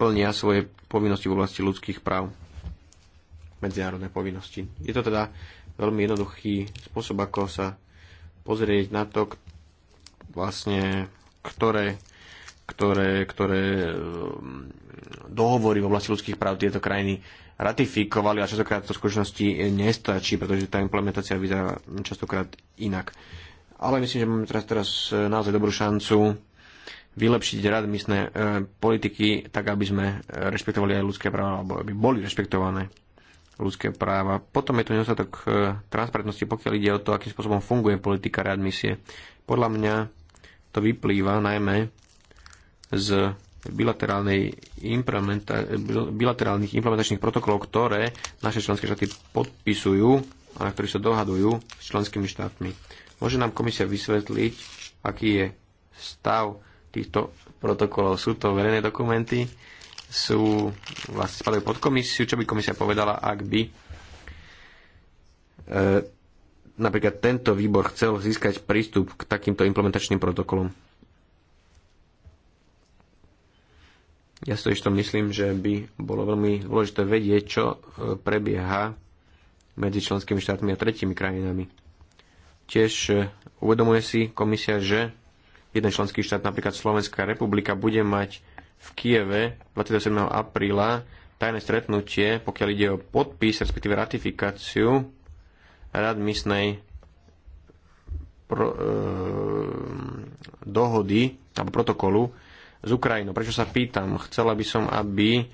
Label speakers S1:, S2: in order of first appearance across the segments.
S1: plnia svoje povinnosti v oblasti ľudských práv, medzinárodné povinnosti. Je to teda veľmi jednoduchý spôsob, ako sa pozrieť na to, vlastne, ktoré, ktoré, ktoré mm, dohovory v oblasti ľudských práv tieto krajiny ratifikovali a častokrát to v skutočnosti nestačí, pretože tá implementácia vyzerá častokrát inak. Ale myslím, že máme teraz, teraz naozaj dobrú šancu vylepšiť radmisné e, politiky tak, aby sme e, rešpektovali aj ľudské práva, alebo aby boli rešpektované ľudské práva. Potom je tu nedostatok e, transparentnosti, pokiaľ ide o to, akým spôsobom funguje politika readmisie. Podľa mňa to vyplýva najmä z bilaterálnej implementa- bilaterálnych implementačných protokolov, ktoré naše členské štáty podpisujú a na ktorých sa dohadujú s členskými štátmi. Môže nám komisia vysvetliť, aký je stav týchto protokolov. Sú to verejné dokumenty, sú vlastne spadajú pod komisiu, čo by komisia povedala, ak by e, napríklad tento výbor chcel získať prístup k takýmto implementačným protokolom. Ja si to myslím, že by bolo veľmi dôležité vedieť, čo e, prebieha medzi členskými štátmi a tretími krajinami. Tiež e, uvedomuje si komisia, že jeden členský štát, napríklad Slovenská republika, bude mať v Kieve 27. apríla tajné stretnutie, pokiaľ ide o podpis, respektíve ratifikáciu misnej pro, e, dohody alebo protokolu z Ukrajinou. Prečo sa pýtam? Chcela by som, aby e,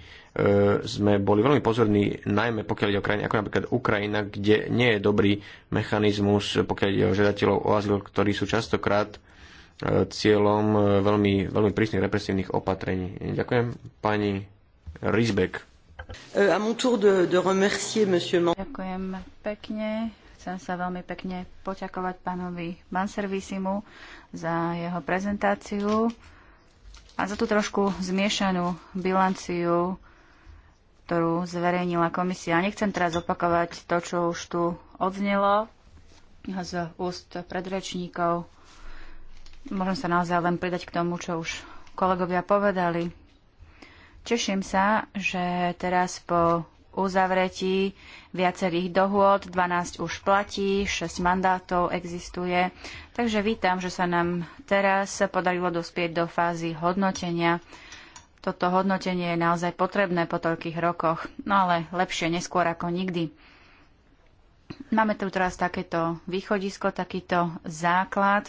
S1: sme boli veľmi pozorní, najmä pokiaľ ide o krajiny ako napríklad Ukrajina, kde nie je dobrý mechanizmus, pokiaľ ide o žiadateľov o azyl, ktorí sú častokrát cieľom e, veľmi, veľmi prísnych represívnych opatrení. Ďakujem pani Rizbek. A e, mon tour de, de remercier monsieur Man...
S2: Ďakujem pekne. Chcem sa veľmi pekne poďakovať pánovi Manservisimu za jeho prezentáciu a za tú trošku zmiešanú bilanciu, ktorú zverejnila komisia. Nechcem teraz opakovať to, čo už tu odznelo z úst predrečníkov. Môžem sa naozaj len pridať k tomu, čo už kolegovia povedali. Teším sa, že teraz po uzavretí viacerých dohôd, 12 už platí, 6 mandátov existuje. Takže vítam, že sa nám teraz podarilo dospieť do fázy hodnotenia. Toto hodnotenie je naozaj potrebné po toľkých rokoch, no ale lepšie neskôr ako nikdy. Máme tu teraz takéto východisko, takýto základ,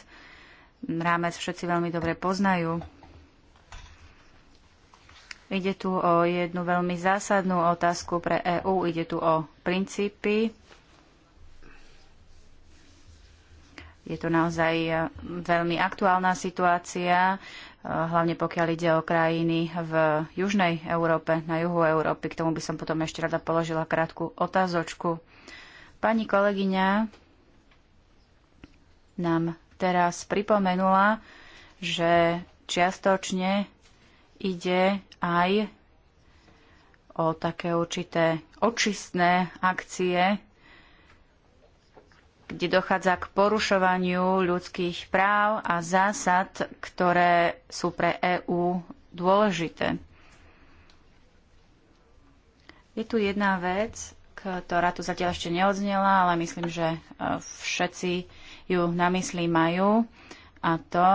S2: rámec všetci veľmi dobre poznajú. Ide tu o jednu veľmi zásadnú otázku pre EÚ, ide tu o princípy. Je to naozaj e, veľmi aktuálna situácia, e, hlavne pokiaľ ide o krajiny v južnej Európe, na juhu Európy. K tomu by som potom ešte rada položila krátku otázočku. Pani kolegyňa nám teraz pripomenula, že čiastočne ide aj o také určité očistné akcie, kde dochádza k porušovaniu ľudských práv a zásad, ktoré sú pre EÚ dôležité. Je tu jedna vec, ktorá tu zatiaľ ešte neodznela, ale myslím, že eh, všetci ju na mysli majú a to,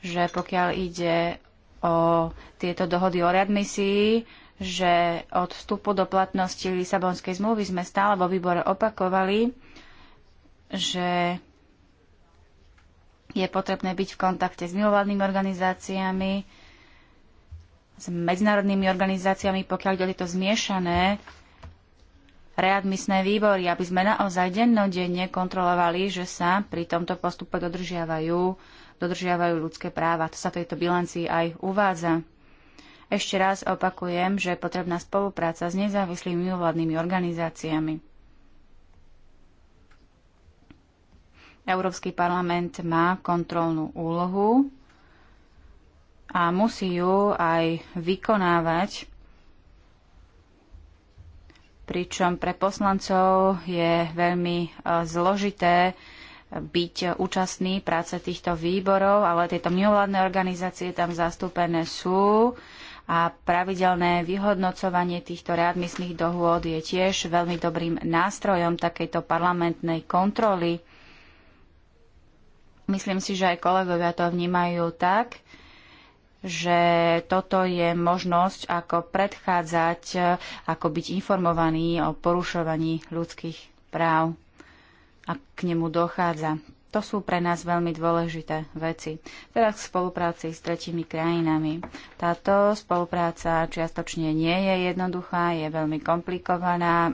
S2: že pokiaľ ide o tieto dohody o readmisii, že od vstupu do platnosti Lisabonskej zmluvy sme stále vo výbore opakovali, že je potrebné byť v kontakte s milovanými organizáciami, s medzinárodnými organizáciami, pokiaľ ide o tieto zmiešané readmisné výbory, aby sme naozaj dennodenne kontrolovali, že sa pri tomto postupe dodržiavajú, dodržiavajú ľudské práva. To sa v tejto bilancii aj uvádza. Ešte raz opakujem, že je potrebná spolupráca s nezávislými mimovládnymi organizáciami. Európsky parlament má kontrolnú úlohu a musí ju aj vykonávať pričom pre poslancov je veľmi e, zložité e, byť účastný práce týchto výborov, ale tieto mimovládne organizácie tam zastúpené sú a pravidelné vyhodnocovanie týchto readmisných dohôd je tiež veľmi dobrým nástrojom takejto parlamentnej kontroly. Myslím si, že aj kolegovia to vnímajú tak, že toto je možnosť, ako predchádzať, ako byť informovaný o porušovaní ľudských práv a k nemu dochádza. To sú pre nás veľmi dôležité veci. Teraz k spolupráci s tretimi krajinami. Táto spolupráca čiastočne nie je jednoduchá, je veľmi komplikovaná,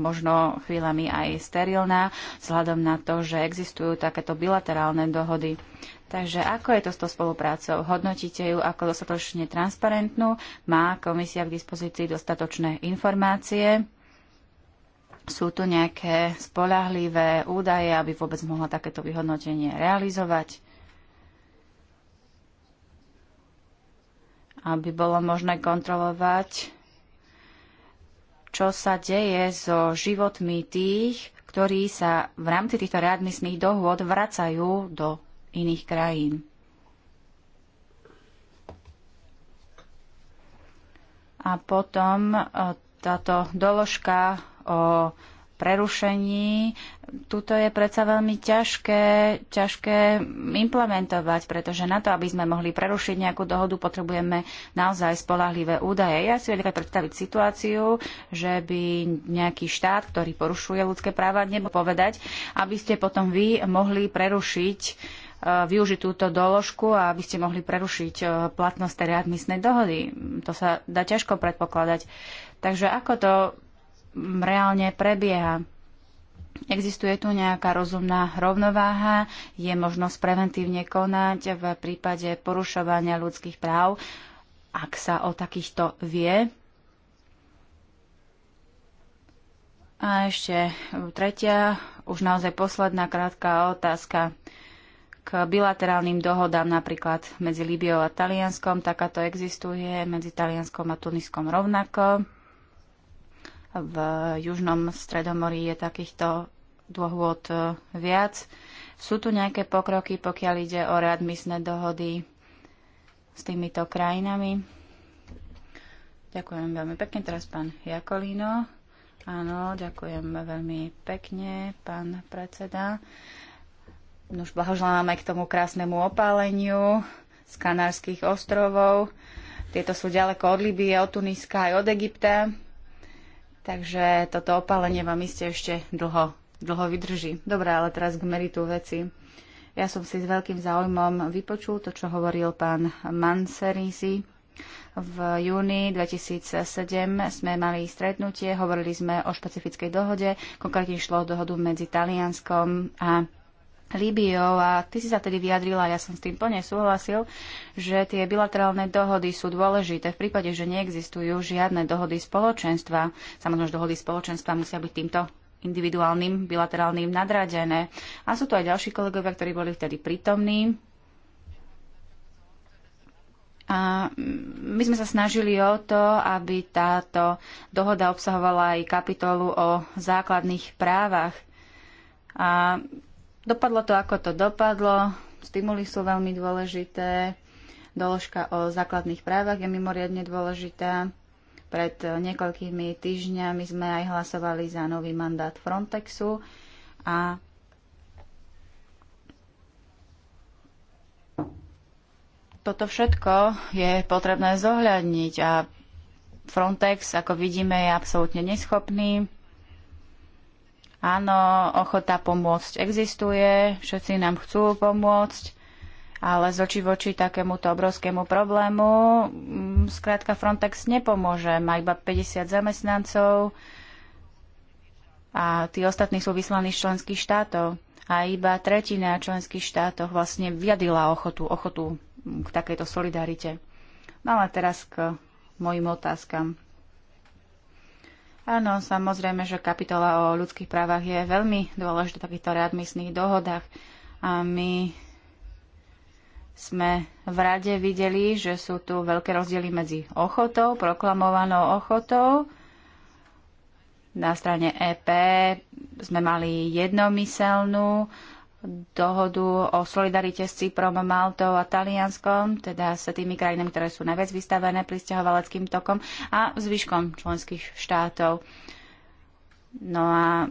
S2: možno chvíľami aj sterilná, vzhľadom na to, že existujú takéto bilaterálne dohody. Takže ako je to s tou spoluprácou? Hodnotíte ju ako dostatočne transparentnú? Má komisia k dispozícii dostatočné informácie? Sú tu nejaké spolahlivé údaje, aby vôbec mohla takéto vyhodnotenie realizovať? Aby bolo možné kontrolovať, čo sa deje so životmi tých, ktorí sa v rámci týchto readmisných dohôd vracajú do iných krajín. A potom e, táto doložka o prerušení, tuto je predsa veľmi ťažké, ťažké implementovať, pretože na to, aby sme mohli prerušiť nejakú dohodu, potrebujeme naozaj spolahlivé údaje. Ja si vedem predstaviť situáciu, že by nejaký štát, ktorý porušuje ľudské práva, nebo povedať, aby ste potom vy mohli prerušiť E, využiť túto doložku a aby ste mohli prerušiť e, platnosť tej readmisnej dohody. To sa dá ťažko predpokladať. Takže ako to reálne prebieha? Existuje tu nejaká rozumná rovnováha? Je možnosť preventívne konať v prípade porušovania ľudských práv, ak sa o takýchto vie? A ešte tretia, už naozaj posledná krátka otázka k bilaterálnym dohodám napríklad medzi Líbiou a Talianskom. Takáto existuje medzi Talianskom a Tuniskom rovnako. V južnom stredomorí je takýchto dôvod e, viac. Sú tu nejaké pokroky, pokiaľ ide o readmisné dohody s týmito krajinami? Ďakujem veľmi pekne. Teraz pán Jakolino. Áno, ďakujem veľmi pekne, pán predseda. Uh, No Už aj k tomu krásnemu opáleniu z Kanárskych ostrovov. Tieto sú ďaleko od Libie, od Tuniska aj od Egypta. Takže toto opálenie vám iste ešte dlho, dlho vydrží. Dobre, ale teraz k meritu veci. Ja som si s veľkým záujmom vypočul to, čo hovoril pán Manserisi, v júni 2007 sme mali stretnutie, hovorili sme o špecifickej dohode, konkrétne šlo o dohodu medzi Talianskom a Líbiou a ty si sa tedy vyjadrila, ja som s tým plne súhlasil, že tie bilaterálne dohody sú dôležité v prípade, že neexistujú žiadne dohody spoločenstva. Samozrejme, že dohody spoločenstva musia byť týmto individuálnym, bilaterálnym nadradené. A sú tu aj ďalší kolegovia, ktorí boli vtedy prítomní. A my sme sa snažili o to, aby táto dohoda obsahovala aj kapitolu o základných právach. A Dopadlo to, ako to dopadlo. Stimuly sú veľmi dôležité. Doložka o základných právach je mimoriadne dôležitá. Pred niekoľkými týždňami sme aj hlasovali za nový mandát Frontexu a toto všetko je potrebné zohľadniť a Frontex, ako vidíme, je absolútne neschopný Áno, ochota pomôcť existuje, všetci nám chcú pomôcť, ale z očí voči takémuto obrovskému problému mm, skrátka Frontex nepomôže. Má iba 50 zamestnancov a tí ostatní sú vyslaní z členských štátov. A iba tretina členských štátov vlastne vyjadila ochotu, ochotu k takejto solidarite. No ale teraz k mojim otázkam. Áno, samozrejme, že kapitola o ľudských právach je veľmi dôležitá v takýchto readmisných dohodách. A my sme v rade videli, že sú tu veľké rozdiely medzi ochotou, proklamovanou ochotou. Na strane EP sme mali jednomyselnú dohodu o solidarite s Cyprom, Maltou a Talianskom, teda s tými krajinami, ktoré sú najviac vystavené pristahovaleckým tokom a zvyškom členských štátov. No a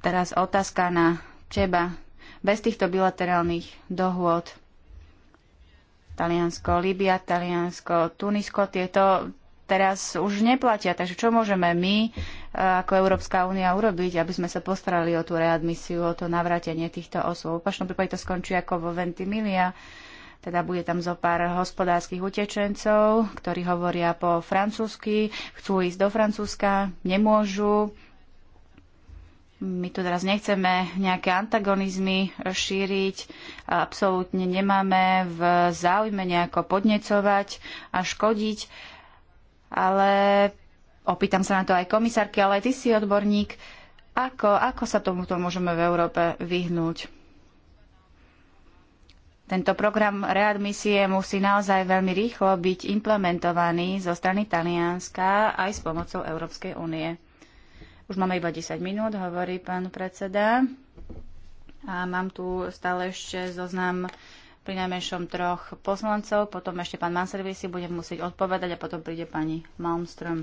S2: teraz otázka na teba. Bez týchto bilaterálnych dohôd Taliansko, Libia, Taliansko, Tunisko, tieto teraz už neplatia. Takže čo môžeme my e, ako Európska únia urobiť, aby sme sa postarali o tú readmisiu, o to navrátenie týchto osôb. V opačnom prípade to skončí ako vo Ventimilia, teda bude tam zo pár hospodárskych utečencov, ktorí hovoria po francúzsky, chcú ísť do Francúzska, nemôžu. My tu teraz nechceme nejaké antagonizmy šíriť, absolútne nemáme v záujme nejako podnecovať a škodiť ale opýtam sa na to aj komisárky, ale aj ty si odborník. Ako, ako sa tomuto môžeme v Európe vyhnúť? Tento program readmisie musí naozaj veľmi rýchlo byť implementovaný zo strany Talianska aj s pomocou Európskej únie. Už máme iba 10 minút, hovorí pán predseda. A mám tu stále ešte zoznam pri najmenšom troch poslancov, potom ešte pán Manservi si bude musieť odpovedať a potom príde pani Malmström.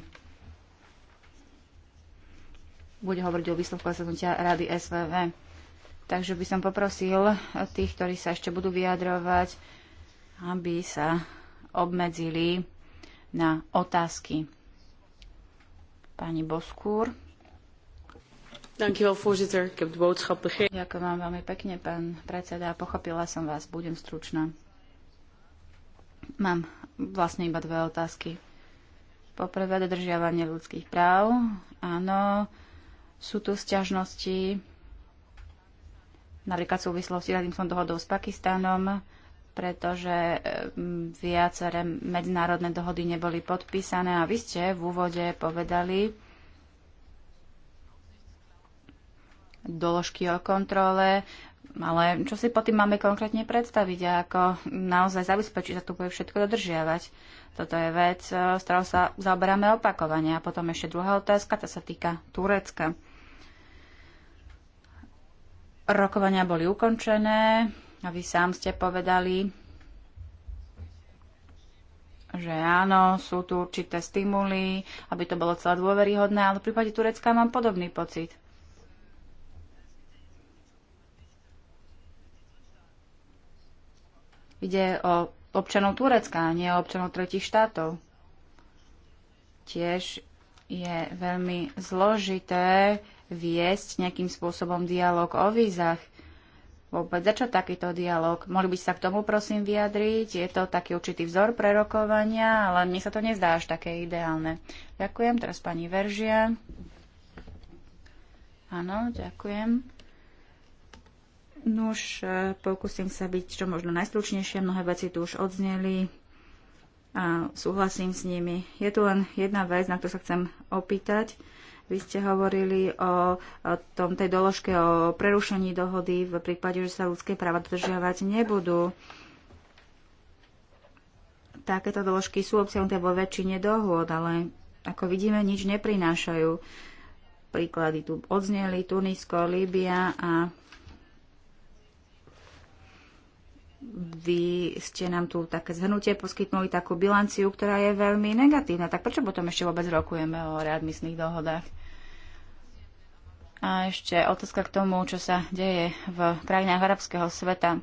S2: Bude hovoriť o výsledku zasadnutia Rady SVV. Takže by som poprosil tých, ktorí sa ešte budú vyjadrovať, aby sa obmedzili na otázky. Pani Boskúr. Ďakujem vám veľmi pekne, pán predseda. Pochopila som vás, budem stručná. Mám vlastne iba dve otázky. Poprvé, dodržiavanie ľudských práv. Áno, sú tu sťažnosti, napríklad v súvislosti s Radimskou dohodou s Pakistanom, pretože viaceré medzinárodné dohody neboli podpísané a vy ste v úvode povedali, doložky o kontrole, ale čo si po tým máme konkrétne predstaviť a ako naozaj zabezpečiť, že to bude všetko dodržiavať. Toto je vec, z e, ktorou sa zaoberáme opakovane. A potom ešte druhá otázka, tá sa týka Turecka. Rokovania boli ukončené a vy sám ste povedali, že áno, sú tu určité stimuly, aby to bolo celé dôveryhodné, ale v prípade Turecka mám podobný pocit. Ide o občanov Turecka, a nie o občanov tretich štátov. Tiež je veľmi zložité viesť nejakým spôsobom dialog o vízach. Vôbec začo takýto dialog? Mohli by sa k tomu prosím vyjadriť? Je to taký určitý vzor prerokovania, ale mne sa to nezdá až také ideálne. Ďakujem, teraz pani Veržia. Áno, ďakujem. Nuž, e, pokúsim sa byť čo možno najstručnejšie, mnohé veci tu už odzneli a súhlasím s nimi. Je tu len jedna vec, na ktorú sa chcem opýtať. Vy ste hovorili o, o tom, tej doložke o prerušení dohody v prípade, že sa ľudské práva dodržiavať nebudú. Takéto doložky sú obsiahnuté vo väčšine dohôd, ale ako vidíme, nič neprinášajú. Príklady tu odzneli, Tunisko, Líbia a vy ste nám tu také zhrnutie poskytnuli, takú bilanciu, ktorá je veľmi negatívna. Tak prečo potom ešte vôbec rokujeme o readmisných dohodách? A ešte otázka k tomu, čo sa deje v krajinách arabského sveta.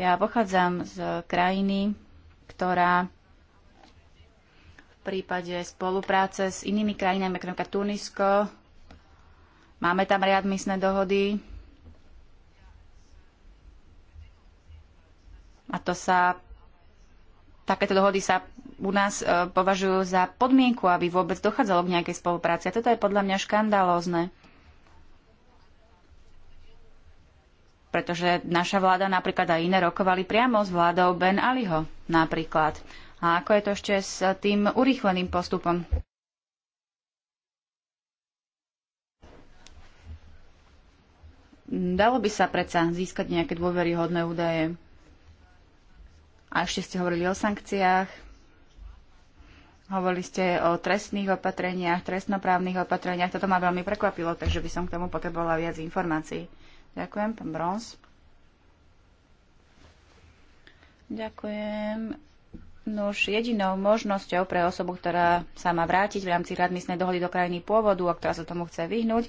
S2: Ja pochádzam z krajiny, ktorá v prípade spolupráce s inými krajinami, ako napríklad Tunisko, máme tam readmisné dohody, to sa, takéto dohody sa u nás e, považujú za podmienku, aby vôbec dochádzalo k nejakej spolupráci. A toto je podľa mňa škandalózne. Pretože naša vláda napríklad aj iné rokovali priamo s vládou Ben Aliho napríklad. A ako je to ešte s tým urýchleným postupom? Dalo by sa predsa získať nejaké dôveryhodné údaje. A ešte ste hovorili o sankciách, hovorili ste o trestných opatreniach, trestnoprávnych opatreniach. Toto ma veľmi prekvapilo, takže by som k tomu potrebovala viac informácií. Ďakujem, pán Bronz. Ďakujem. No už jedinou možnosťou pre osobu, ktorá sa má vrátiť v rámci radmisnej dohody do krajiny pôvodu a ktorá sa tomu chce vyhnúť,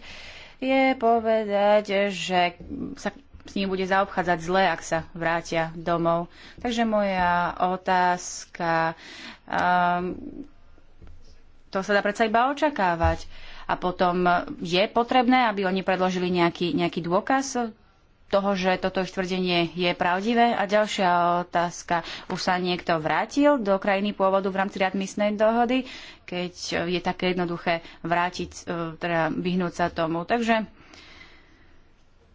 S2: je povedať, že sa s nimi bude zaobchádzať zle, ak sa vrátia domov. Takže moja otázka, um, to sa dá predsa iba očakávať. A potom je potrebné, aby oni predložili nejaký, nejaký dôkaz toho, že toto ich tvrdenie je pravdivé? A ďalšia otázka. Už sa niekto vrátil do krajiny pôvodu v rámci readmisnej dohody, keď je také jednoduché vrátiť, e, teda vyhnúť sa tomu. Takže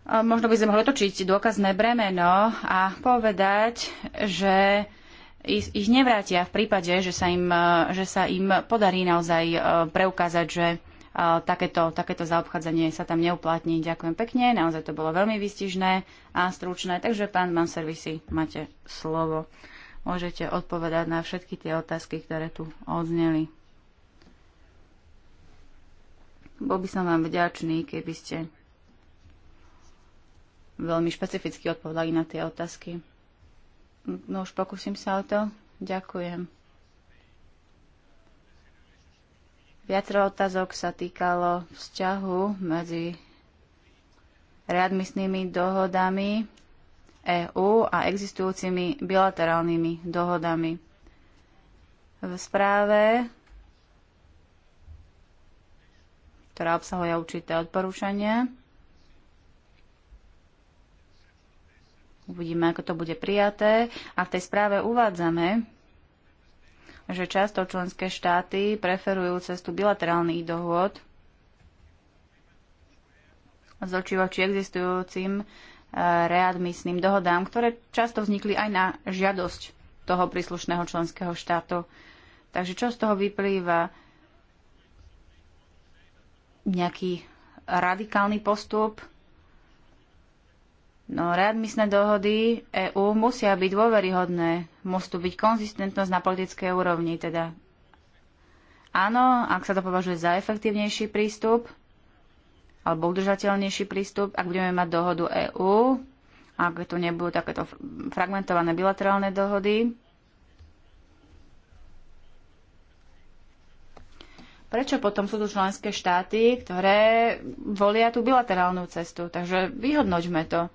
S2: Možno by sme mohli otočiť dôkazné bremeno a povedať, že ich, nevrátia v prípade, že sa im, e, že sa im podarí naozaj e, preukázať, že e, takéto, takéto zaobchádzanie sa tam neuplatní. Ďakujem pekne, naozaj to bolo veľmi výstižné a stručné. Takže pán Mam Servisi, máte slovo. Môžete odpovedať na všetky tie otázky, ktoré tu odzneli. Bol by som vám vďačný, keby ste veľmi špecificky odpovedali na tie otázky. No už pokúsim sa o to. Ďakujem. Viacero otázok sa týkalo vzťahu medzi readmisnými dohodami EÚ a existujúcimi bilaterálnymi dohodami. V správe, ktorá obsahuje určité odporúčania, Uvidíme, ako to bude prijaté. A v tej správe uvádzame, že často členské štáty preferujú cestu bilaterálnych dohôd z očivoči existujúcim e, readmisným dohodám, ktoré často vznikli aj na žiadosť toho príslušného členského štátu. Takže čo z toho vyplýva? Nejaký radikálny postup, No, readmisné dohody EÚ musia byť dôveryhodné, musí tu byť konzistentnosť na politickej úrovni, teda áno, ak sa to považuje za efektívnejší prístup alebo udržateľnejší prístup, ak budeme mať dohodu EÚ, ak tu nebudú takéto fragmentované bilaterálne dohody. Prečo potom sú tu členské štáty, ktoré volia tú bilaterálnu cestu? Takže vyhodnoťme to.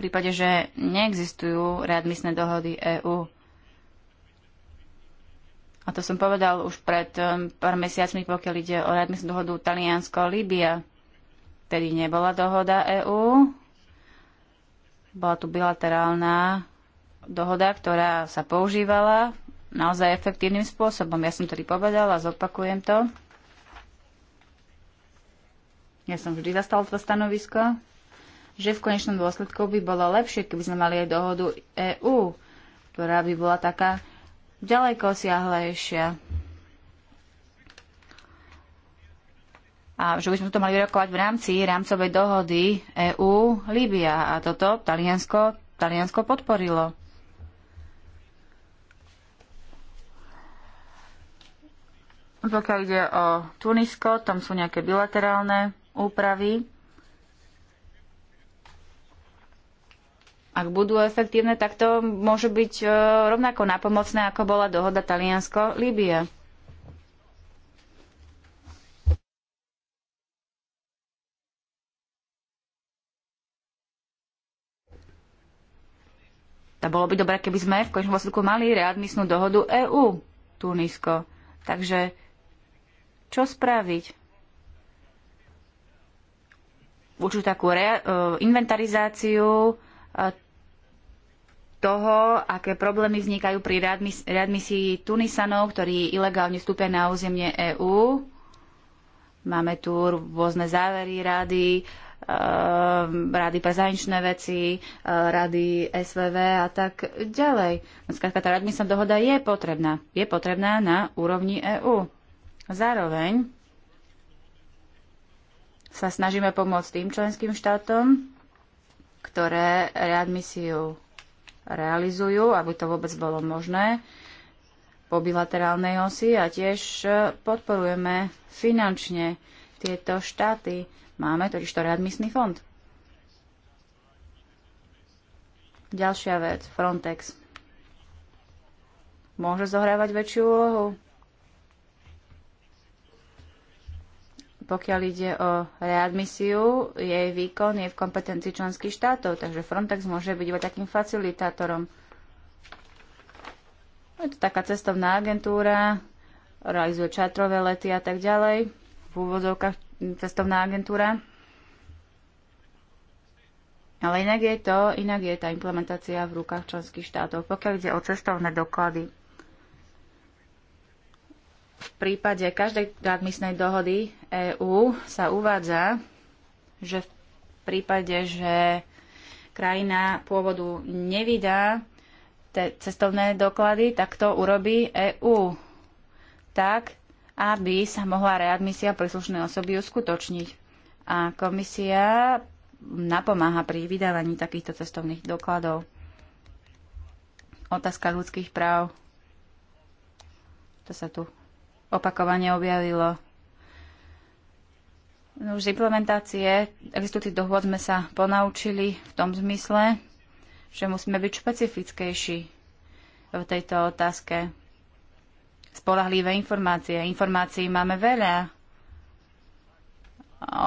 S2: prípade, že neexistujú readmisné dohody EÚ. A to som povedal už pred um, pár mesiacmi, pokiaľ ide o readmisnú dohodu Taliansko-Líbia. Tedy nebola dohoda EÚ, bola tu bilaterálna dohoda, ktorá sa používala naozaj efektívnym spôsobom. Ja som tedy povedala, zopakujem to. Ja som vždy zastal to stanovisko že v konečnom dôsledku by bolo lepšie, keby sme mali aj dohodu EÚ, ktorá by bola taká ďaleko siahlejšia. A že by sme to mali vyrokovať v rámci rámcovej dohody EÚ Líbia. A toto Taliansko, Taliansko podporilo. Pokiaľ ide o Tunisko, tam sú nejaké bilaterálne úpravy. ak budú efektívne, tak to môže byť e, rovnako napomocné, ako bola dohoda Taliansko-Líbia. To bolo by dobré, keby sme v končnom dôsledku mali readmisnú dohodu EÚ, Tunisko. Takže čo spraviť? Určitú takú re, e, inventarizáciu e, toho, aké problémy vznikajú pri readmisii Tunisanov, ktorí ilegálne vstúpia na územie EÚ. Máme tu rôzne závery rady, ehm, rady pre zahraničné veci, e, rady SVV a tak ďalej. Skrátka, tá readmisná dohoda je potrebná. Je potrebná na úrovni EÚ. Zároveň sa snažíme pomôcť tým členským štátom, ktoré readmisiu realizujú, aby to vôbec bolo možné po bilaterálnej osi a tiež e, podporujeme finančne tieto štáty. Máme totiž to readmisný fond. Ďalšia vec, Frontex. Môže zohrávať väčšiu úlohu Pokiaľ ide o readmisiu, jej výkon je v kompetencii členských štátov, takže Frontex môže byť iba takým facilitátorom. Je to taká cestovná agentúra, realizuje čatrové lety a tak ďalej. V úvodzovkách cestovná agentúra. Ale inak je to, inak je tá implementácia v rukách členských štátov, pokiaľ ide o cestovné doklady. V prípade každej readmisnej dohody EÚ sa uvádza, že v prípade, že krajina pôvodu nevydá cestovné doklady, tak to urobí EÚ tak, aby sa mohla readmisia príslušnej osoby uskutočniť. A komisia napomáha pri vydávaní takýchto cestovných dokladov. Otázka ľudských práv. To sa tu opakovane objavilo. No už z implementácie existujúcich dohôd sme sa ponaučili v tom zmysle, že musíme byť špecifickejší v tejto otázke. Spolahlivé informácie. Informácií máme veľa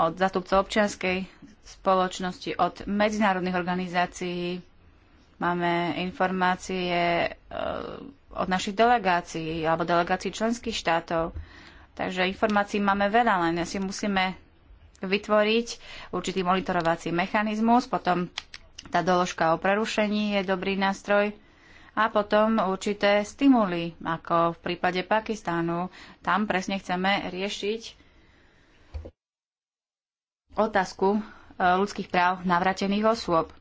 S2: od zastupcov občianskej spoločnosti, od medzinárodných organizácií. Máme informácie eh, od našich delegácií alebo delegácií členských štátov. Takže informácií máme veľa, len si musíme vytvoriť určitý monitorovací mechanizmus, potom tá doložka o prerušení je dobrý nástroj a potom určité stimuly, ako v prípade Pakistánu. Tam presne chceme riešiť otázku e, ľudských práv navratených osôb.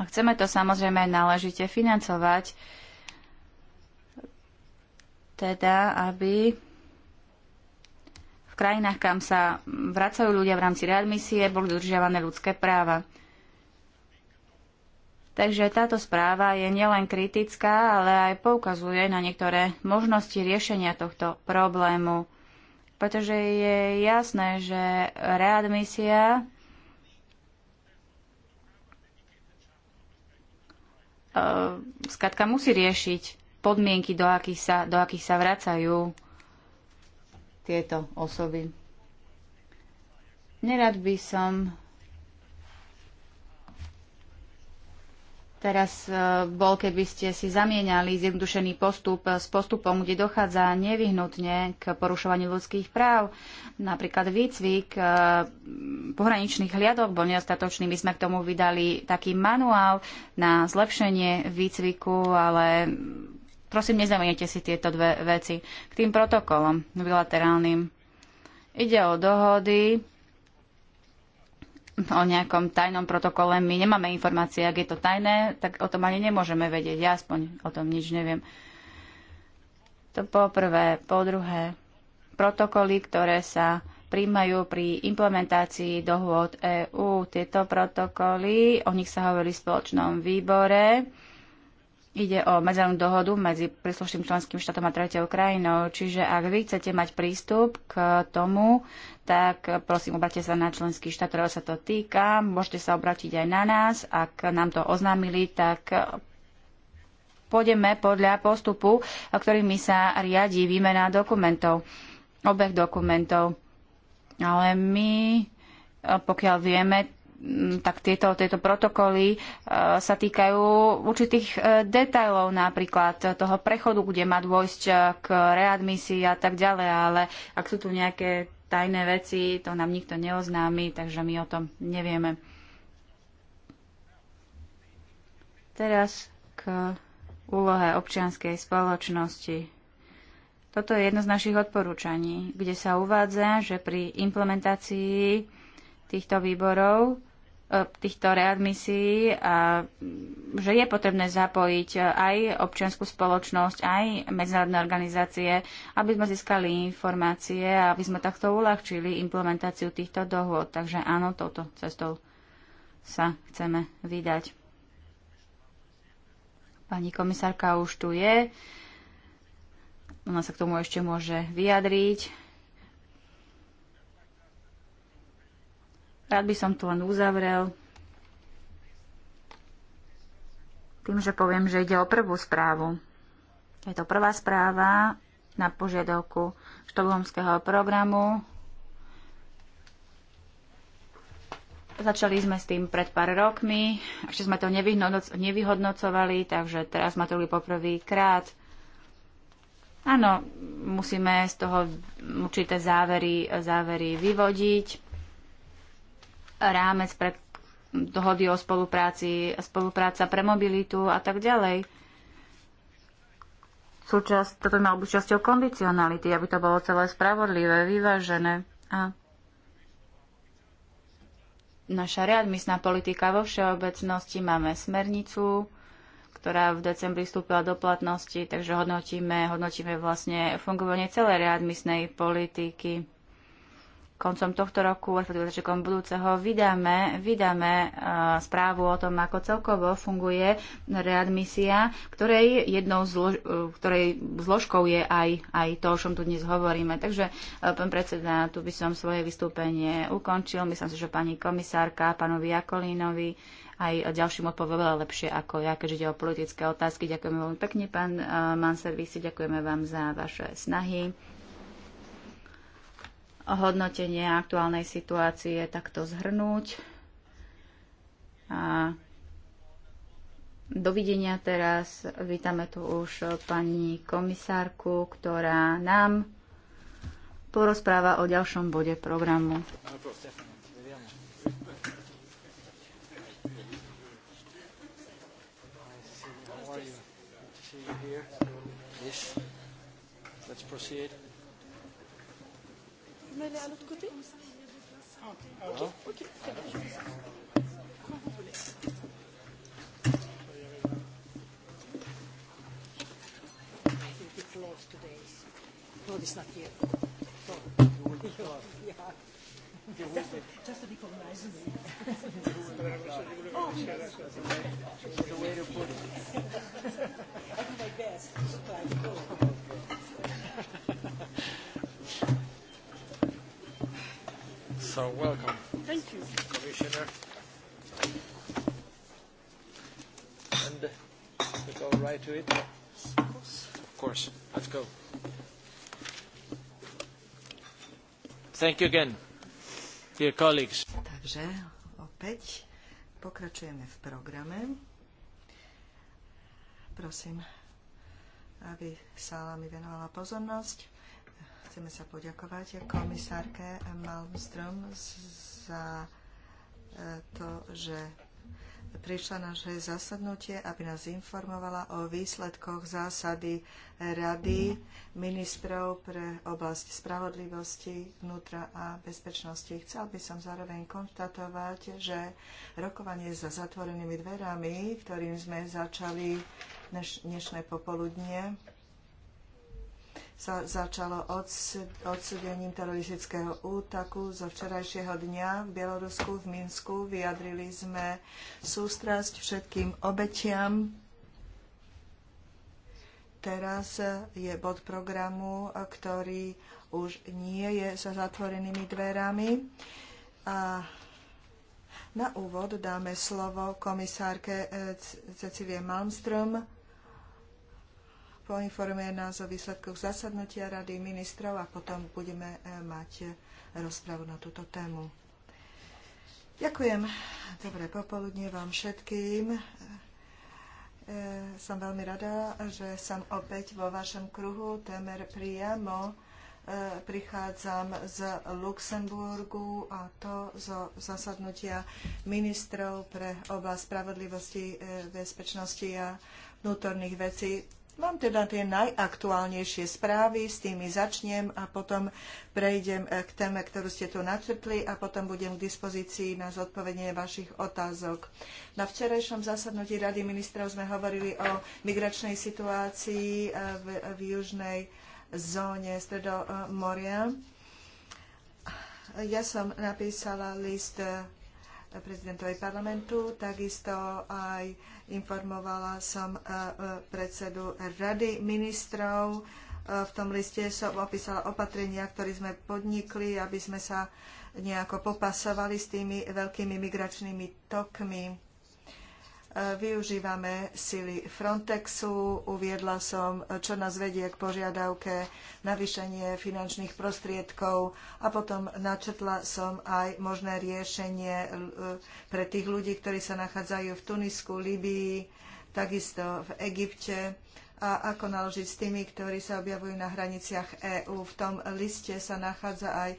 S2: A chceme to samozrejme náležite financovať, teda aby v krajinách, kam sa vracajú ľudia v rámci readmisie, boli dodržiavané ľudské práva. Takže táto správa je nielen kritická, ale aj poukazuje na niektoré možnosti riešenia tohto problému. Pretože je jasné, že readmisia E, skatka musí riešiť podmienky, do akých sa, do akých sa vracajú tieto osoby. Nerad by som Teraz e, bol, keby ste si zamieniali zjednodušený postup e, s postupom, kde dochádza nevyhnutne k porušovaniu ľudských práv. Napríklad výcvik e, pohraničných hliadok bol nedostatočný. My sme k tomu vydali taký manuál na zlepšenie výcviku, ale prosím, nezamienite si tieto dve veci. K tým protokolom bilaterálnym. Ide o dohody, o nejakom tajnom protokole. My nemáme informácie, ak je to tajné, tak o tom ani nemôžeme vedieť. Ja aspoň o tom nič neviem. To po prvé. Po druhé, protokoly, ktoré sa príjmajú pri implementácii dohôd EÚ. Tieto protokoly, o nich sa hovorí v spoločnom výbore Ide o medzinárodnú dohodu medzi príslušným členským štátom a tretiou krajinou, čiže ak vy chcete mať prístup k tomu, tak prosím, obrate sa na členský štát, ktorého sa to týka. Môžete sa obrátiť aj na nás. Ak nám to oznámili, tak pôjdeme podľa postupu, ktorými sa riadi výmena dokumentov, obeh dokumentov. Ale my, pokiaľ vieme, tak tieto, tieto protokoly e, sa týkajú určitých e, detajlov, napríklad toho prechodu, kde má dôjsť e, k readmisii a tak ďalej, ale ak sú tu nejaké tajné veci, to nám nikto neoznámi, takže my o tom nevieme. Teraz k úlohe občianskej spoločnosti. Toto je jedno z našich odporúčaní, kde sa uvádza, že pri implementácii týchto výborov E, týchto readmisií, že je potrebné zapojiť aj občianskú spoločnosť, aj medzinárodné organizácie, aby sme získali informácie a aby sme takto uľahčili implementáciu týchto dohôd. Takže áno, touto cestou sa chceme vydať. Pani komisárka už tu je. Ona sa k tomu ešte môže vyjadriť. Rád by som to len uzavrel tým, že poviem, že ide o prvú správu. Je to prvá správa na požiadavku štokholmského programu. Začali sme s tým pred pár rokmi, ešte sme to nevyhodnocovali, takže teraz sme to robí poprvýkrát. Áno, musíme z toho určité závery, závery vyvodiť rámec pre dohody o spolupráci, spolupráca pre mobilitu a tak ďalej. Súčasť, toto by malo byť časťou kondicionality, aby to bolo celé spravodlivé, vyvážené. A naša readmisná politika vo všeobecnosti máme smernicu, ktorá v decembri vstúpila do platnosti, takže hodnotíme, hodnotíme vlastne fungovanie celej readmisnej politiky koncom tohto roku, respektíve začiatkom budúceho, vydáme, vydáme eh, správu o tom, ako celkovo funguje readmisia, ktorej, jednou zlož, eh, ktorej zložkou je aj, aj to, o čom tu dnes hovoríme. Takže, eh, pán predseda, tu by som svoje vystúpenie ukončil. Myslím si, že pani komisárka, pánovi Jakolínovi, aj ďalším odpovedala lepšie ako ja, keďže ide o politické otázky. Ďakujeme veľmi pekne, pán Manservisi, ďakujeme vám za vaše snahy hodnotenie aktuálnej situácie takto zhrnúť. A dovidenia teraz. Vítame tu už pani komisárku, ktorá nám porozpráva o ďalšom bode programu.
S1: Let's proceed
S3: voulez aller à l'autre côté Ok, ok, très bien. Quand vous voulez. Claude today. Claude oh, is not here. So, oh, yeah. Just, just recognize me. oh, yes.
S1: The way to put it. I do my best to try to go. So welcome. Thank you. Commissioner. And we go right to it. Of course. Of course. Let's go.
S3: Thank you again, dear colleagues. Także opäť pokračujeme w programie. Prosím, aby sála mi venovala pozornosť. Chceme sa poďakovať komisárke Malmström za e, to, že prišla na naše zasadnutie, aby nás informovala o výsledkoch zásady Rady ministrov pre oblasť spravodlivosti, vnútra a bezpečnosti. Chcel by som zároveň konštatovať, že rokovanie za zatvorenými dverami, ktorým sme začali dnešné popoludnie, sa začalo odsudením teroristického útaku zo včerajšieho dňa v Bielorusku, v Minsku. Vyjadrili sme sústrasť všetkým obetiam. Teraz je bod programu, ktorý už nie je za zatvorenými dverami. A na úvod dáme slovo komisárke eh, Cecilie Malmström poinformuje nás o výsledkoch zasadnutia Rady ministrov a potom budeme e, mať e, rozpravu na túto tému. Ďakujem. Dobré popoludne vám všetkým. E, som veľmi rada, že som opäť vo vašom kruhu témer priamo prichádzam z Luxemburgu a to zo zasadnutia ministrov pre oblasť spravodlivosti, bezpečnosti a vnútorných vecí. Mám teda tie najaktuálnejšie správy, s tými začnem a potom prejdem eh, k téme, ktorú ste tu načrtli a potom budem k dispozícii na zodpovedenie vašich otázok. Na včerajšom zasadnutí Rady ministrov sme hovorili o migračnej situácii eh, v, v južnej zóne Stredomoria. Ja som napísala list eh, prezidentovi parlamentu, takisto aj informovala som e, e, predsedu Rady ministrov. E, v tom liste som opísala opatrenia, ktoré sme podnikli, aby sme sa nejako popasovali s tými veľkými migračnými tokmi E, využívame sily Frontexu. Uviedla som, e, čo nás vedie k požiadavke navýšenie finančných prostriedkov a potom načetla som aj možné riešenie e, pre tých ľudí, ktorí sa nachádzajú v Tunisku, Libii, takisto v Egypte a ako naložiť s tými, ktorí sa objavujú na hraniciach EÚ. V tom liste sa nachádza aj e,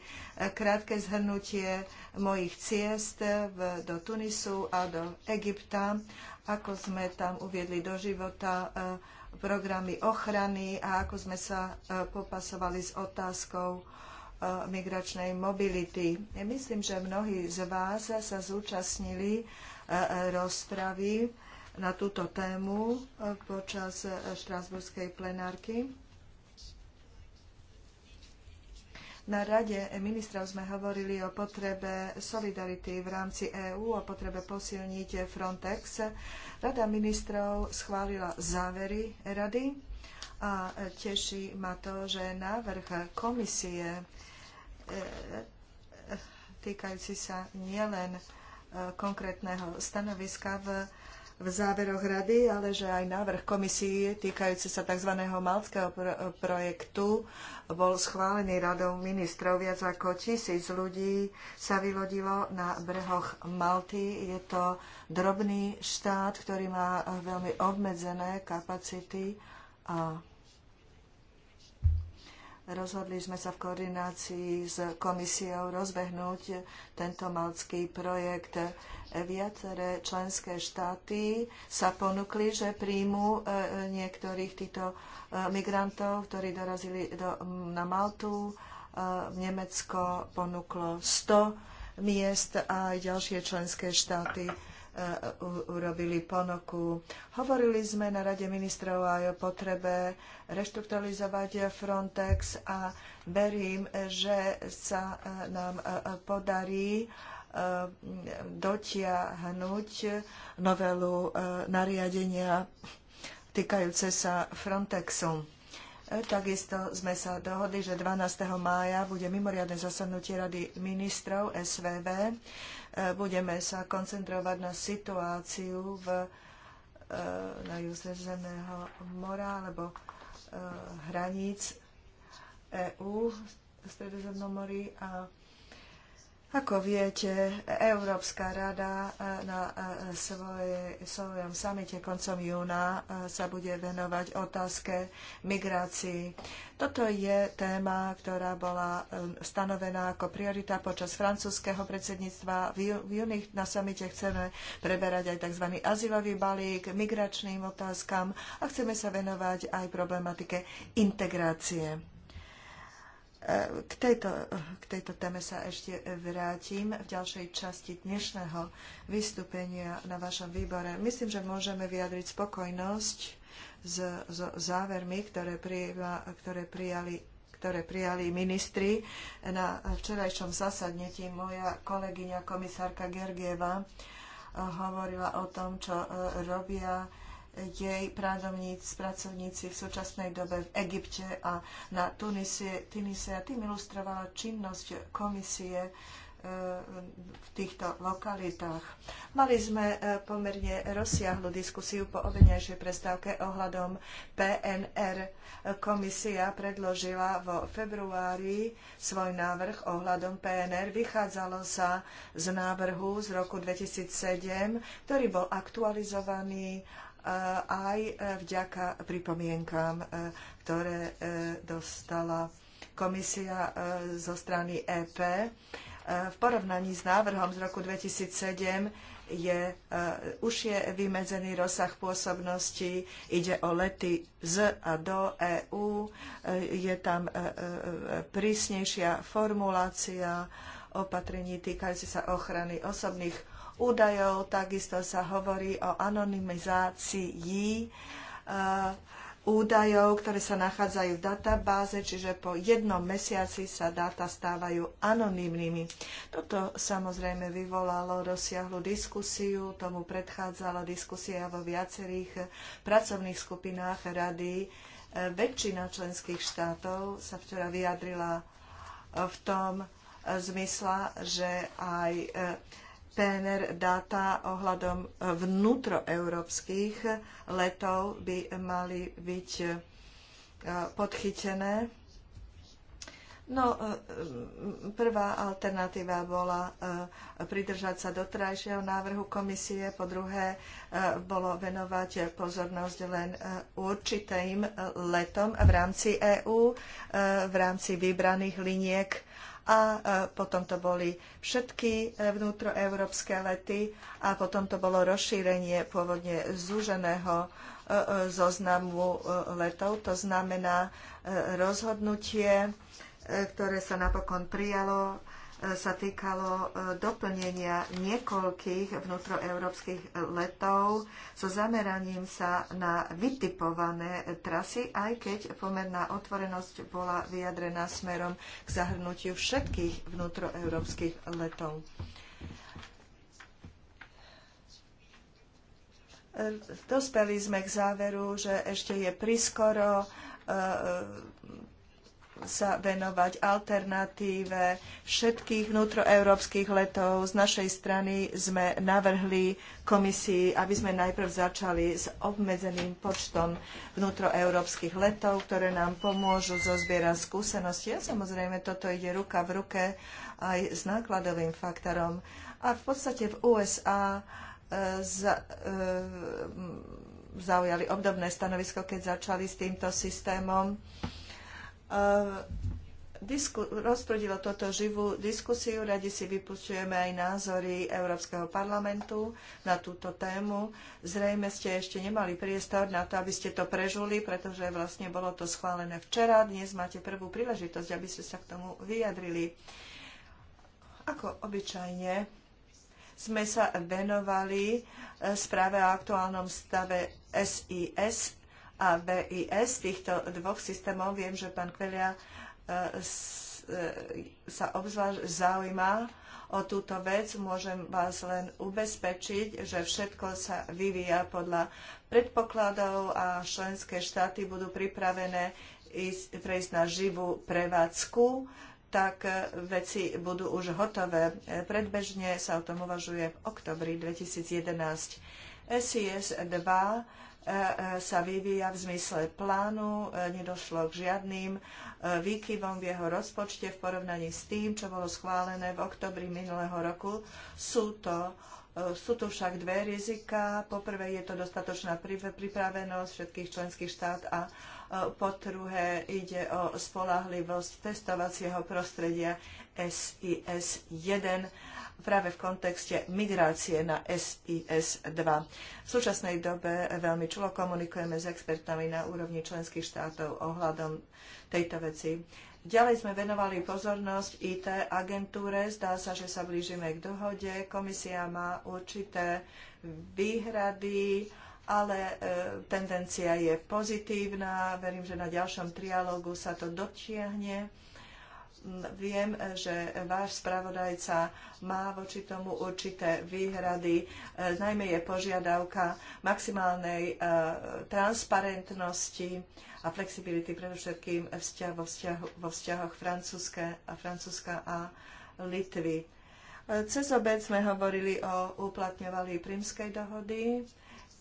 S3: krátke zhrnutie mojich ciest e, do Tunisu a do Egypta, ako sme tam uviedli do života e, programy ochrany a ako sme sa popasovali s otázkou migračnej mobility. Myslím, že mnohí z vás sa zúčastnili rozpravy na túto tému e, počas e, štrásburskej plenárky. Na rade ministrov sme hovorili o potrebe solidarity v rámci EÚ, o potrebe posilniť Frontex. Rada ministrov schválila závery rady a teší ma to, že návrh komisie e, týkajúci sa nielen konkrétneho stanoviska v v záveroch rady, ale že aj návrh komisie týkajúci sa tzv. malckého projektu bol schválený radou ministrov. Viac ako tisíc ľudí sa vylodilo na brehoch Malty. Je to drobný štát, ktorý má veľmi obmedzené kapacity a rozhodli sme sa v koordinácii s komisiou rozbehnúť tento malcký projekt viaceré členské štáty sa ponúkli, že príjmu e, niektorých týchto e, migrantov, ktorí dorazili do, na Maltu. E, Nemecko ponúklo 100 miest a aj ďalšie členské štáty urobili ponoku. Hovorili sme na Rade ministrov aj o potrebe reštrukturalizovať Frontex a verím, že sa nám podarí Eh, dotiahnuť novelu eh, nariadenia týkajúce sa Frontexu. Eh, takisto sme sa dohodli, že 12. mája bude mimoriadne zasadnutie Rady ministrov SVV. Budeme sa koncentrovať na situáciu v, na Južného mora alebo hraníc EÚ v Stredozemnom mori a ako viete, Európska rada eh, na eh, svojom samite koncom júna eh, sa bude venovať otázke migrácií. Toto je téma, ktorá bola stanovená ako priorita počas francúzského predsedníctva. V júni na samite chceme preberať aj tzv. azylový balík, migračným otázkam a chceme sa venovať aj problematike integrácie. Eh, k tejto, eh, k tejto téme sa ešte vrátim v ďalšej časti dnešného vystúpenia na vašom výbore. Myslím, že môžeme vyjadriť spokojnosť s, s závermi, ktoré, prijma, ktoré prijali ktoré prijali ministri na včerajšom zasadnutí. Moja kolegyňa komisárka Gergieva eh, hovorila o tom, čo robia jej právomníci, pracovníci v súčasnej dobe v Egypte a na Tunisie, Tunise a tým ilustrovala činnosť komisie e, v týchto lokalitách. Mali sme e, pomerne rozsiahlu diskusiu po obenejšej prestávke ohľadom PNR. Komisia predložila vo februári svoj návrh ohľadom PNR. Vychádzalo sa z návrhu z roku 2007, ktorý bol aktualizovaný aj vďaka pripomienkam, e, ktoré e, dostala komisia e, zo strany EP. V porovnaní s návrhom z roku 2007 je, už je vymedzený rozsah pôsobnosti, ide o lety z a do EÚ, je tam prísnejšia formulácia opatrení týkajúce sa ochrany osobných údajov, takisto sa hovorí o anonymizácii eh, údajov, ktoré sa nachádzajú v databáze, čiže po jednom mesiaci sa dáta stávajú anonymnými. Toto samozrejme vyvolalo rozsiahlu diskusiu, tomu predchádzala diskusia vo viacerých pracovných skupinách rady. Eh, väčšina členských štátov sa včera vyjadrila eh, v tom zmysla, že aj PNR dáta ohľadom vnútroeurópskych letov by mali byť e, podchytené. No, e, prvá alternatíva bola e, pridržať sa do trajšieho návrhu komisie, po druhé bolo venovať pozornosť len určitým letom v rámci EÚ, v rámci vybraných liniek a e, potom to boli všetky e, vnútroeurópske lety a potom to bolo rozšírenie pôvodne zúženého e, zoznamu letov. To znamená rozhodnutie, ktoré sa napokon prijalo sa týkalo e, doplnenia niekoľkých vnútroeurópskych letov so zameraním sa na vytipované trasy, aj keď pomerná otvorenosť bola vyjadrená smerom k zahrnutiu všetkých vnútroeurópskych letov. E, dospeli sme k záveru, že ešte je priskoro e, sa venovať alternatíve všetkých vnútroeurópskych letov. Z našej strany sme navrhli komisii, aby sme najprv začali s obmedzeným počtom vnútroeurópskych letov, ktoré nám pomôžu zozbierať skúsenosti. A samozrejme, toto ide ruka v ruke aj s nákladovým faktorom. A v podstate v USA e, e, zaujali obdobné stanovisko, keď začali s týmto systémom. E, Ehm, disku, rozprudilo toto živú diskusiu. Radi si vypočujeme aj názory Európskeho parlamentu na túto tému. Zrejme ste ešte nemali priestor na to, aby ste to prežuli, pretože vlastne bolo to schválené včera. Dnes máte prvú príležitosť, aby ste sa k tomu vyjadrili. Ako obyčajne sme sa venovali eh, správe o aktuálnom stave SIS a BIS. Týchto dvoch systémov viem, že pán Kvelia e, e, sa obzvlášť zaujímal o túto vec. Môžem vás len ubezpečiť, že všetko sa vyvíja podľa predpokladov a členské štáty budú pripravené ísť, prejsť na živú prevádzku tak e, veci budú už hotové. Predbežne sa o tom uvažuje v oktobri 2011. SIS 2 E, e, sa vyvíja v zmysle plánu, e, nedošlo k žiadnym výkyvom v jeho rozpočte v porovnaní s tým, čo bolo schválené v oktobri minulého roku. Sú to sú tu však dve rizika. Poprvé je to dostatočná pripravenosť všetkých členských štát a po druhé ide o spolahlivosť testovacieho prostredia SIS-1 práve v kontexte migrácie na SIS-2. V súčasnej dobe veľmi čulo komunikujeme s expertami na úrovni členských štátov ohľadom tejto veci. Ďalej sme venovali pozornosť IT agentúre. Zdá sa, že sa blížime k dohode. Komisia má určité výhrady, ale e, tendencia je pozitívna. Verím, že na ďalšom trialógu sa to dotiahne Viem, že váš spravodajca má voči tomu určité výhrady. E, Najmä je požiadavka maximálnej e, transparentnosti a flexibility predovšetkým vzťah, vo, vzťahu, vo vzťahoch Francúzska a, Francúzska a Litvy. E, Cez obec sme hovorili o uplatňovaní prímskej dohody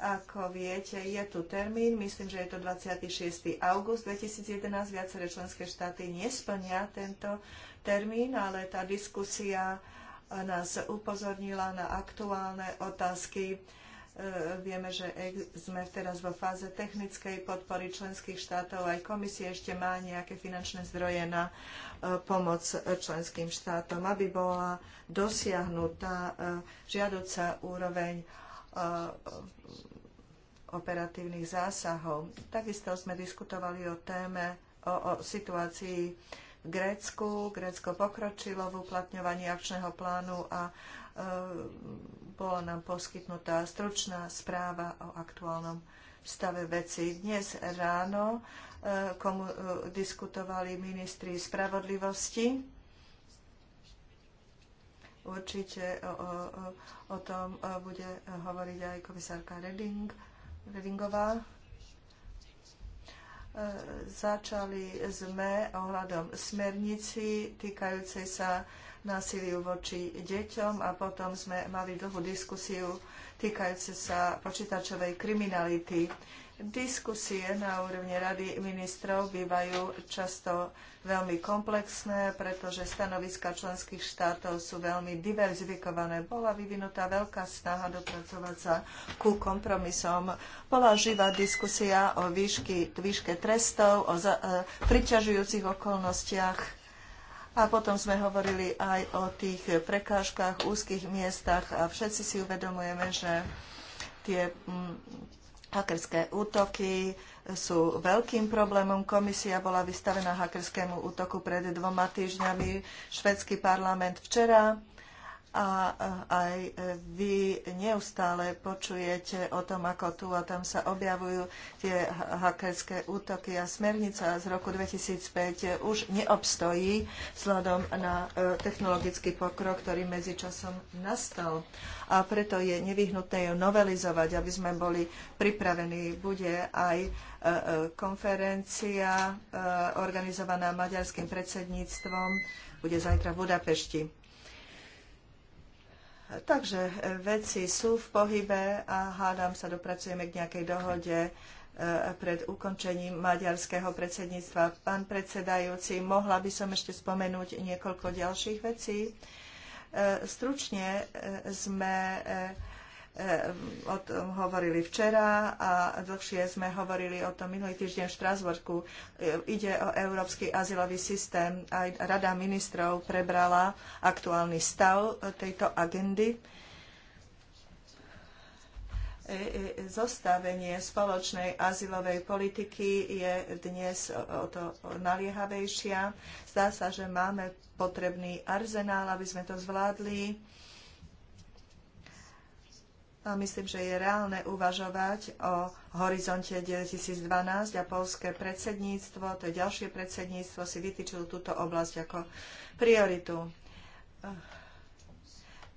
S3: ako viete, je tu termín, myslím, že je to 26. august 2011. Viaceré členské štáty nesplnia tento termín, ale tá diskusia eh, nás upozornila na aktuálne otázky. Eh, vieme, že sme teraz vo fáze technickej podpory členských štátov. Aj komisie ešte má nejaké finančné zdroje na eh, pomoc členským štátom, aby bola dosiahnutá žiadoca úroveň operatívnych zásahov. Takisto sme diskutovali o téme, o, o situácii v Grécku. Grécko pokročilo v uplatňovaní akčného plánu a e, bola nám poskytnutá stručná správa o aktuálnom stave veci. Dnes ráno e, komu, e, diskutovali ministri spravodlivosti určite o, o, o tom e, bude hovoriť aj komisárka Reding Redingová. E, začali sme ohľadom smernici týkajúcej sa násiliu voči deťom a potom sme mali dlhú diskusiu týkajúce sa počítačovej kriminality. Diskusie na úrovni Rady ministrov bývajú často veľmi komplexné, pretože stanoviska členských štátov sú veľmi diverzifikované. Bola vyvinutá veľká snaha dopracovať sa ku kompromisom. Bola živá diskusia o výšky, výške trestov, o za, e, priťažujúcich okolnostiach a potom sme hovorili aj o tých prekážkach, úzkých miestach a všetci si uvedomujeme, že tie mm, Hackerské útoky sú veľkým problémom. Komisia bola vystavená hackerskému útoku pred dvoma týždňami. Švedský parlament včera a aj vy neustále počujete o tom, ako tu a tam sa objavujú tie hackerské útoky a smernica z roku 2005 už neobstojí vzhľadom na e, technologický pokrok, ktorý medzičasom nastal. A preto je nevyhnutné ju novelizovať, aby sme boli pripravení. Bude aj e, e, konferencia organizovaná maďarským predsedníctvom, bude zajtra v Budapešti Takže e, veci sú v pohybe a hádam sa dopracujeme k nejakej dohode e, pred ukončením maďarského predsedníctva. Pán predsedajúci, mohla by som ešte spomenúť niekoľko ďalších vecí. E, stručne sme Eh, o tom hovorili včera a dlhšie sme hovorili o tom minulý týždeň v Štrásburku. Eh, ide o európsky azylový systém. Aj Rada ministrov prebrala aktuálny stav eh, tejto agendy zostavenie spoločnej azylovej politiky je dnes o to naliehavejšia. Zdá sa, že máme potrebný arzenál, aby sme to zvládli a myslím, že je reálne uvažovať o horizonte 2012 a polské predsedníctvo, to je ďalšie predsedníctvo, si vytýčilo túto oblasť ako prioritu.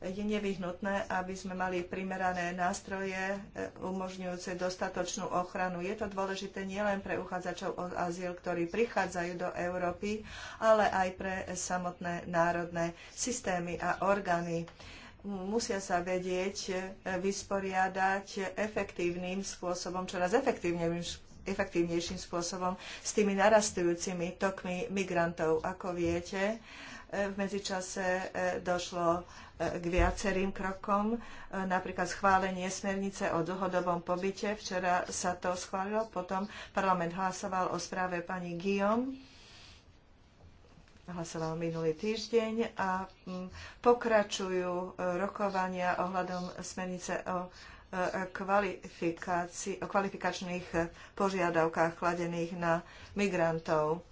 S3: Je nevyhnutné, aby sme mali primerané nástroje e, umožňujúce dostatočnú ochranu. Je to dôležité nielen pre uchádzačov o azyl, ktorí prichádzajú do Európy, ale aj pre samotné národné systémy a orgány musia sa vedieť e, vysporiadať efektívnym spôsobom, čoraz efektívnejším spôsobom s tými narastujúcimi tokmi migrantov. Ako viete, e, v medzičase e, došlo k viacerým krokom, napríklad schválenie smernice o dlhodobom pobyte. Včera sa to schválilo, potom parlament hlasoval o správe pani Guillaume hlasoval minulý týždeň a mm, pokračujú e, rokovania ohľadom smernice o e, kvalifikácii, o kvalifikačných e, požiadavkách kladených na migrantov.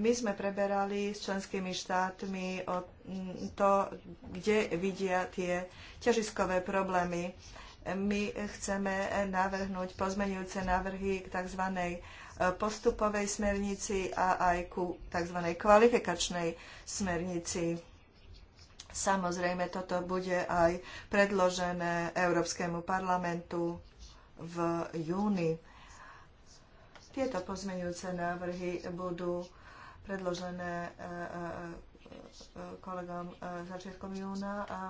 S3: My sme preberali s členskými štátmi o mm, to, kde vidia tie ťažiskové problémy. My chceme navrhnúť pozmenujúce návrhy k tzv. E, postupovej smernici a aj ku tzv. kvalifikačnej smernici. Samozrejme, toto bude aj predložené Európskemu parlamentu v júni. Tieto pozmeňujúce návrhy budú predložené e, e, kolegom začiatkom júna a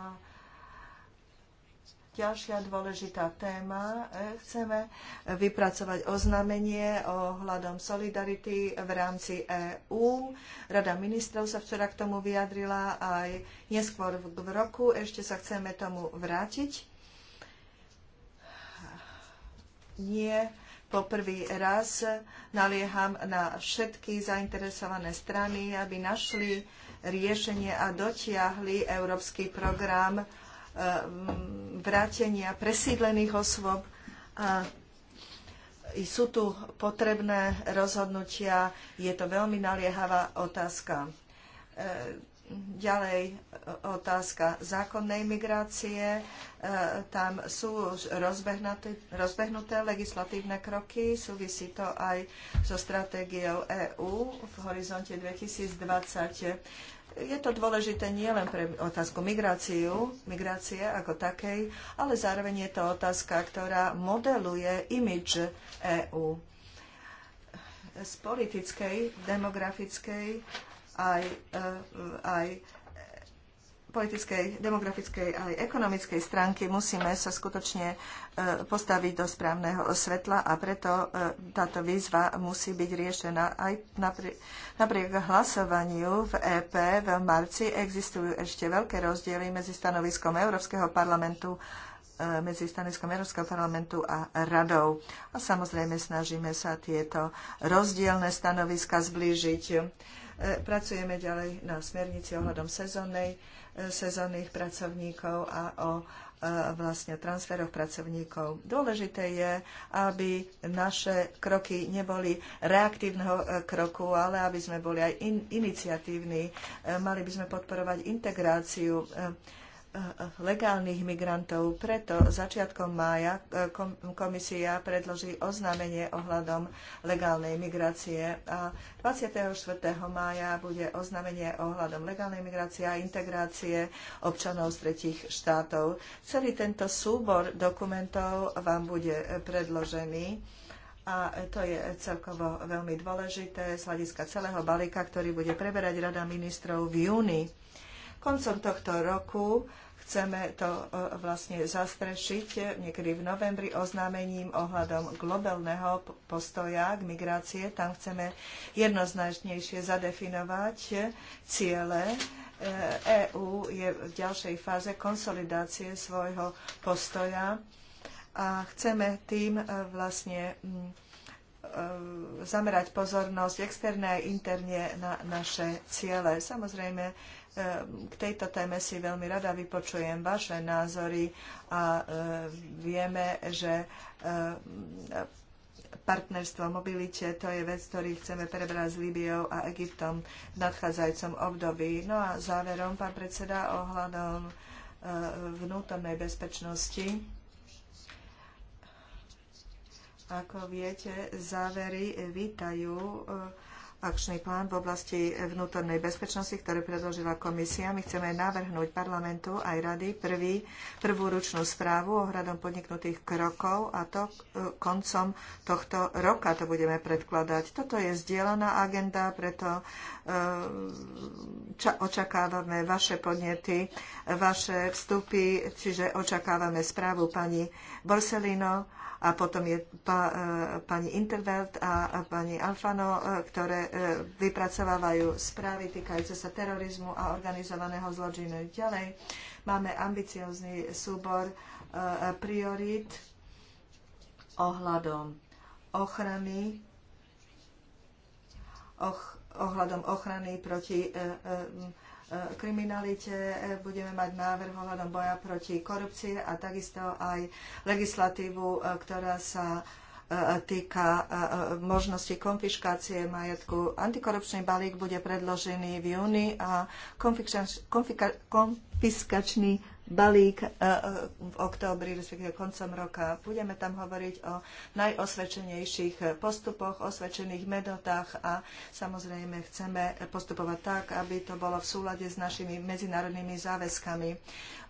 S3: Ďalšia dôležitá téma. E, chceme vypracovať oznámenie ohľadom solidarity v rámci EÚ. Rada ministrov sa včera k tomu vyjadrila aj neskôr v roku. Ešte sa chceme tomu vrátiť. Nie po prvý raz nalieham na všetky zainteresované strany, aby našli riešenie a dotiahli európsky program Eh, vrátenia presídlených osôb. A sú tu potrebné rozhodnutia, je to veľmi naliehavá otázka. Eh, ďalej otázka zákonnej migrácie. Eh, tam sú už rozbehnuté, rozbehnuté legislatívne kroky. Súvisí to aj so stratégiou EÚ v horizonte 2020 je to dôležité nielen pre otázku migráciu, migrácie ako takej, ale zároveň je to otázka, ktorá modeluje imidž EÚ. Z politickej, demografickej aj, e, aj politickej, demografickej aj ekonomickej stránky musíme sa skutočne e, postaviť do správneho svetla a preto e, táto výzva musí byť riešená aj napriek, napriek hlasovaniu v EP v marci. Existujú ešte veľké rozdiely medzi stanoviskom Európskeho parlamentu e, medzi stanoviskom Európskeho parlamentu a radou. A samozrejme snažíme sa tieto rozdielne stanoviska zblížiť. Pracujeme ďalej na smernici ohľadom sezónnej sezónnych pracovníkov a o e, vlastne transferoch pracovníkov. Dôležité je, aby naše kroky neboli reaktívneho e, kroku, ale aby sme boli aj in, iniciatívni. E, mali by sme podporovať integráciu legálnych migrantov. Preto začiatkom mája e, komisia predloží oznámenie ohľadom legálnej migrácie a 24. mája bude oznámenie ohľadom legálnej migrácie a integrácie občanov z tretich štátov. Celý tento súbor dokumentov vám bude predložený. A to je celkovo veľmi dôležité z hľadiska celého balíka, ktorý bude preberať Rada ministrov v júni Koncom tohto roku chceme to e, vlastne zastrešiť e, niekedy v novembri oznámením ohľadom globálneho postoja k migrácie. Tam chceme jednoznačnejšie zadefinovať e, ciele. EÚ je v ďalšej fáze konsolidácie svojho postoja a chceme tým vlastne E, zamerať pozornosť externe a interne na naše ciele. Samozrejme, e, k tejto téme si veľmi rada vypočujem vaše názory a e, vieme, že partnerstvo mobilite, to je vec, ktorý chceme prebrať s Líbiou a Egyptom v nadchádzajúcom období. No a záverom, pán predseda, ohľadom vnútornej bezpečnosti ako viete, závery vítajú eh, akčný plán v oblasti vnútornej bezpečnosti, ktorý predložila komisia. My chceme navrhnúť parlamentu aj rady prvý, prvú ručnú správu ohľadom podniknutých krokov a to eh, koncom tohto roka to budeme predkladať. Toto je zdieľaná agenda, preto eh, ča, očakávame vaše podnety, vaše vstupy, čiže očakávame správu pani Borselino a potom je pa, e, pani Intervelt a pani Alfano, e, ktoré e, vypracovávajú správy týkajúce sa terorizmu a organizovaného zločinu. Ďalej máme ambiciózny súbor priorít ohľadom ochrany och, ohľadom ochrany proti E, kriminalite, e, budeme mať návrh ohľadom boja proti korupcie a takisto aj legislatívu, e, ktorá sa týka možnosti konfiškácie majetku. Antikorupčný balík bude predložený v júni a konfiskačný balík e, e, v októbri, respektíve koncom roka. Budeme tam hovoriť o najosvedčenejších postupoch, osvedčených medotách a samozrejme chceme postupovať tak, aby to bolo v súlade s našimi medzinárodnými záväzkami.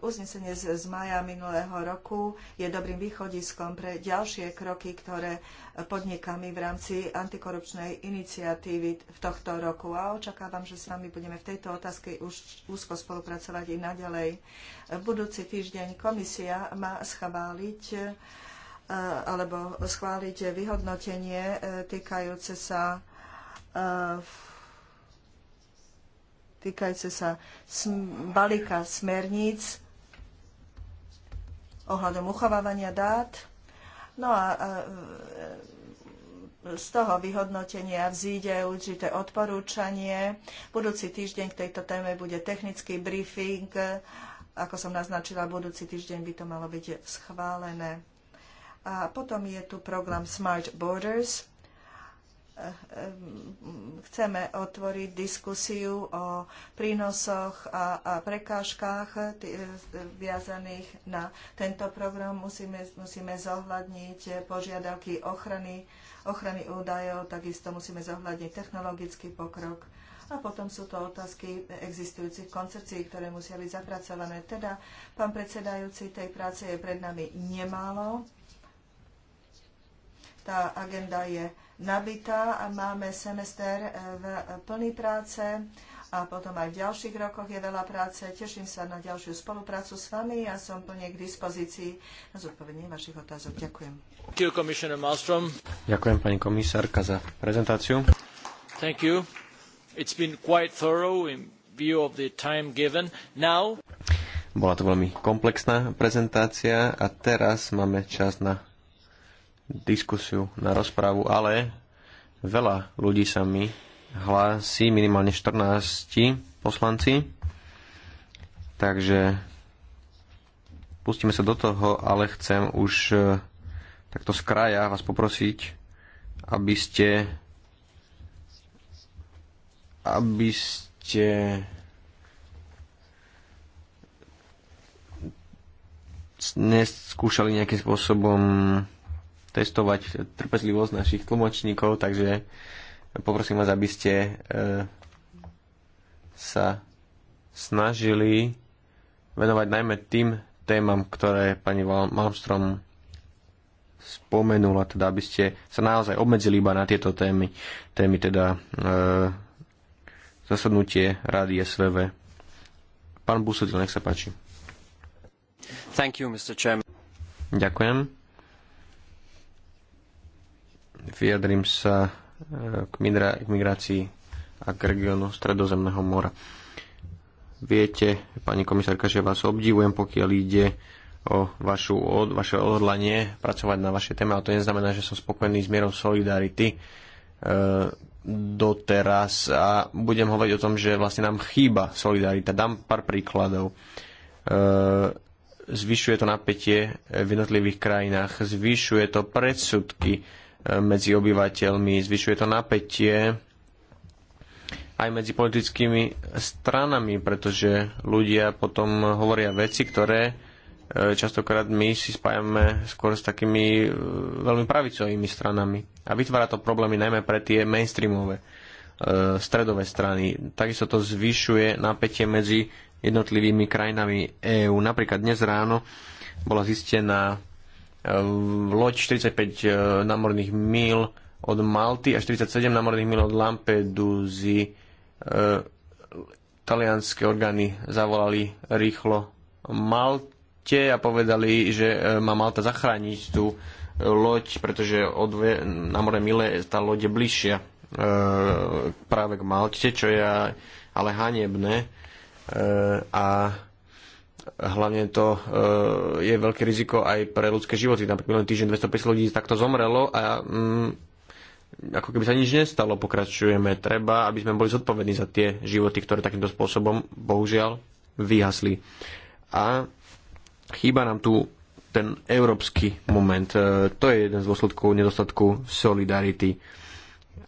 S3: Uznesenie z, z maja minulého roku je dobrým východiskom pre ďalšie kroky, ktoré podnikami v rámci antikorupčnej iniciatívy v tohto roku a očakávam, že s vami budeme v tejto otázke už úzko spolupracovať i naďalej. V budúci týždeň komisia má schváliť e, alebo schváliť vyhodnotenie e, týkajúce sa e, týkajúce sa balíka smerníc ohľadom uchovávania dát No a e, z toho vyhodnotenia vzíde určité odporúčanie. Budúci týždeň k tejto téme bude technický briefing. Ako som naznačila, budúci týždeň by to malo byť schválené. A potom je tu program Smart Borders chceme otvoriť diskusiu o prínosoch a, a prekážkách viazaných na tento program. Musíme, musíme zohľadniť požiadavky ochrany, ochrany údajov, takisto musíme zohľadniť technologický pokrok. A potom sú to otázky existujúcich koncepcií, ktoré musia byť zapracované. Teda, pán predsedajúci, tej práce je pred nami nemálo. Tá agenda je nabitá a máme semester e, v e, plný práce a potom aj v ďalších rokoch je veľa práce. Teším sa na ďalšiu spoluprácu s vami a som plne k dispozícii na zodpovedenie vašich otázok. Ďakujem.
S1: Ďakujem pani komisárka za prezentáciu. Thank you. It's been quite thorough
S3: in view of the time given. Now...
S1: Bola to veľmi komplexná prezentácia a teraz máme čas na diskusiu, na rozprávu, ale veľa ľudí sa mi hlási, minimálne 14 poslanci. Takže pustíme sa do toho, ale chcem už e, takto z kraja vás poprosiť, aby ste aby ste neskúšali nejakým spôsobom testovať trpezlivosť našich tlmočníkov, takže poprosím vás, aby ste e, sa snažili venovať najmä tým témam, ktoré pani Malmstrom spomenula, teda aby ste sa naozaj obmedzili iba na tieto témy, témy teda e, zasadnutie Rady SVV. Pán Busutil, nech sa páči. Thank you, Mr. Chairman. Ďakujem. Vyjadrím sa e, k, migra- k migrácii a k regiónu Stredozemného mora. Viete, pani komisárka, že vás obdivujem, pokiaľ ide o vašu, od, vaše odhodlanie pracovať na vaše téme, ale to neznamená, že som spokojný s mierou solidarity e, doteraz a budem hovoriť o tom, že vlastne nám chýba solidarita. Dám pár príkladov. E, zvyšuje to napätie v jednotlivých krajinách, zvyšuje to predsudky, medzi obyvateľmi, zvyšuje to napätie aj medzi politickými stranami, pretože ľudia potom hovoria veci, ktoré e, častokrát my si spájame skôr s takými e, veľmi pravicovými stranami. A vytvára to problémy najmä pre tie mainstreamové e, stredové strany. Takisto to zvyšuje napätie medzi jednotlivými krajinami EÚ. Napríklad dnes ráno bola zistená loď 45 e, námorných míl od Malty a 47 námorných míl od Lampedusy. E, talianské orgány zavolali rýchlo Malte a povedali, že e, má Malta zachrániť tú loď, pretože o dve námorné mile tá loď je bližšia práve k Malte, čo je ale hanebné. A hlavne to e, je veľké riziko aj pre ľudské životy. Napríklad len týždeň 250 ľudí takto zomrelo a mm, ako keby sa nič nestalo, pokračujeme. Treba, aby sme boli zodpovední za tie životy, ktoré takýmto spôsobom bohužiaľ vyhasli. A chýba nám tu ten európsky moment. E, to je jeden z dôsledkov nedostatku solidarity.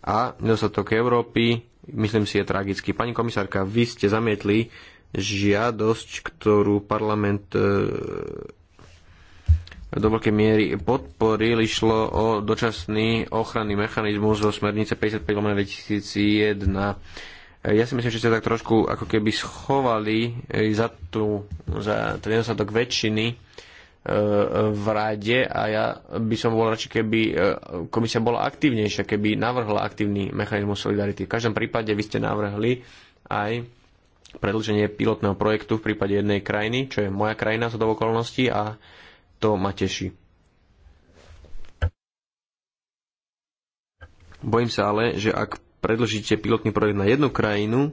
S1: A nedostatok Európy, myslím si, je tragický. Pani komisárka, vy ste zamietli žiadosť, ktorú parlament e, do veľkej miery podporil. Išlo o dočasný ochranný mechanizmus zo smernice 55-2001. E, ja si myslím, že ste tak trošku ako keby schovali e, za, tú, za ten nedostatok väčšiny v rade a ja by som bol radšej, keby komisia bola aktívnejšia, keby navrhla aktívny mechanizmus solidarity. V každom prípade vy ste navrhli aj predlženie pilotného projektu v prípade jednej krajiny, čo je moja krajina z okolností a to ma teší. Bojím sa ale, že ak predlžíte pilotný projekt na jednu krajinu e,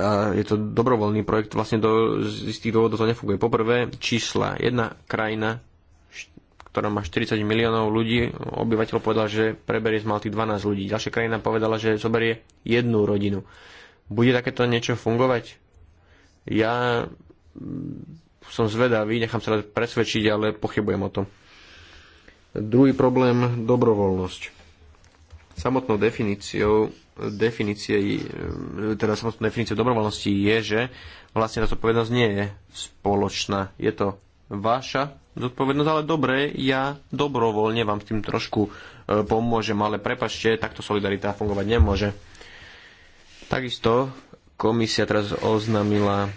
S1: a je to dobrovoľný projekt, vlastne do, z istých dôvodov to nefunguje. Poprvé, čísla. Jedna krajina ktorá má 40 miliónov ľudí, obyvateľ povedal, že preberie z Malty 12 ľudí. Ďalšia krajina povedala, že zoberie jednu rodinu. Bude takéto niečo fungovať? Ja mm, som zvedavý, nechám sa presvedčiť, ale pochybujem o tom. Druhý problém, dobrovoľnosť. Samotnou definíciou definície, mm, teda samotnou definíciou dobrovoľnosti je, že vlastne táto povednosť nie je spoločná. Je to vaša zodpovednosť, ale dobre, ja dobrovoľne vám s tým trošku e, pomôžem, ale prepačte, takto solidarita fungovať nemôže. Takisto komisia teraz oznámila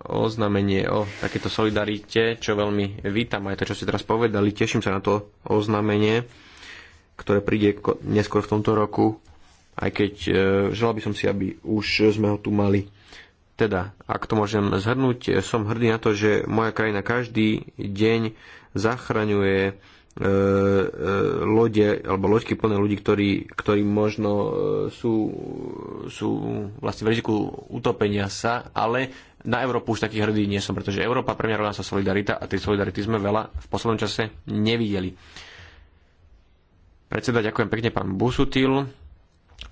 S1: oznámenie o takéto solidarite, čo veľmi vítam aj to, čo ste teraz povedali. Teším sa na to oznámenie, ktoré príde neskôr v tomto roku, aj keď e, želal by som si, aby už sme ho tu mali teda, ak to môžem zhrnúť, som hrdý na to, že moja krajina každý deň zachraňuje e, e, lode alebo loďky plné ľudí, ktorí, ktorí možno e, sú, sú vlastne v riziku utopenia sa, ale na Európu už takých hrdý nie som, pretože Európa pre mňa rovná sa solidarita a tej solidarity sme veľa v poslednom čase nevideli. Predseda, ďakujem pekne pán Busutil.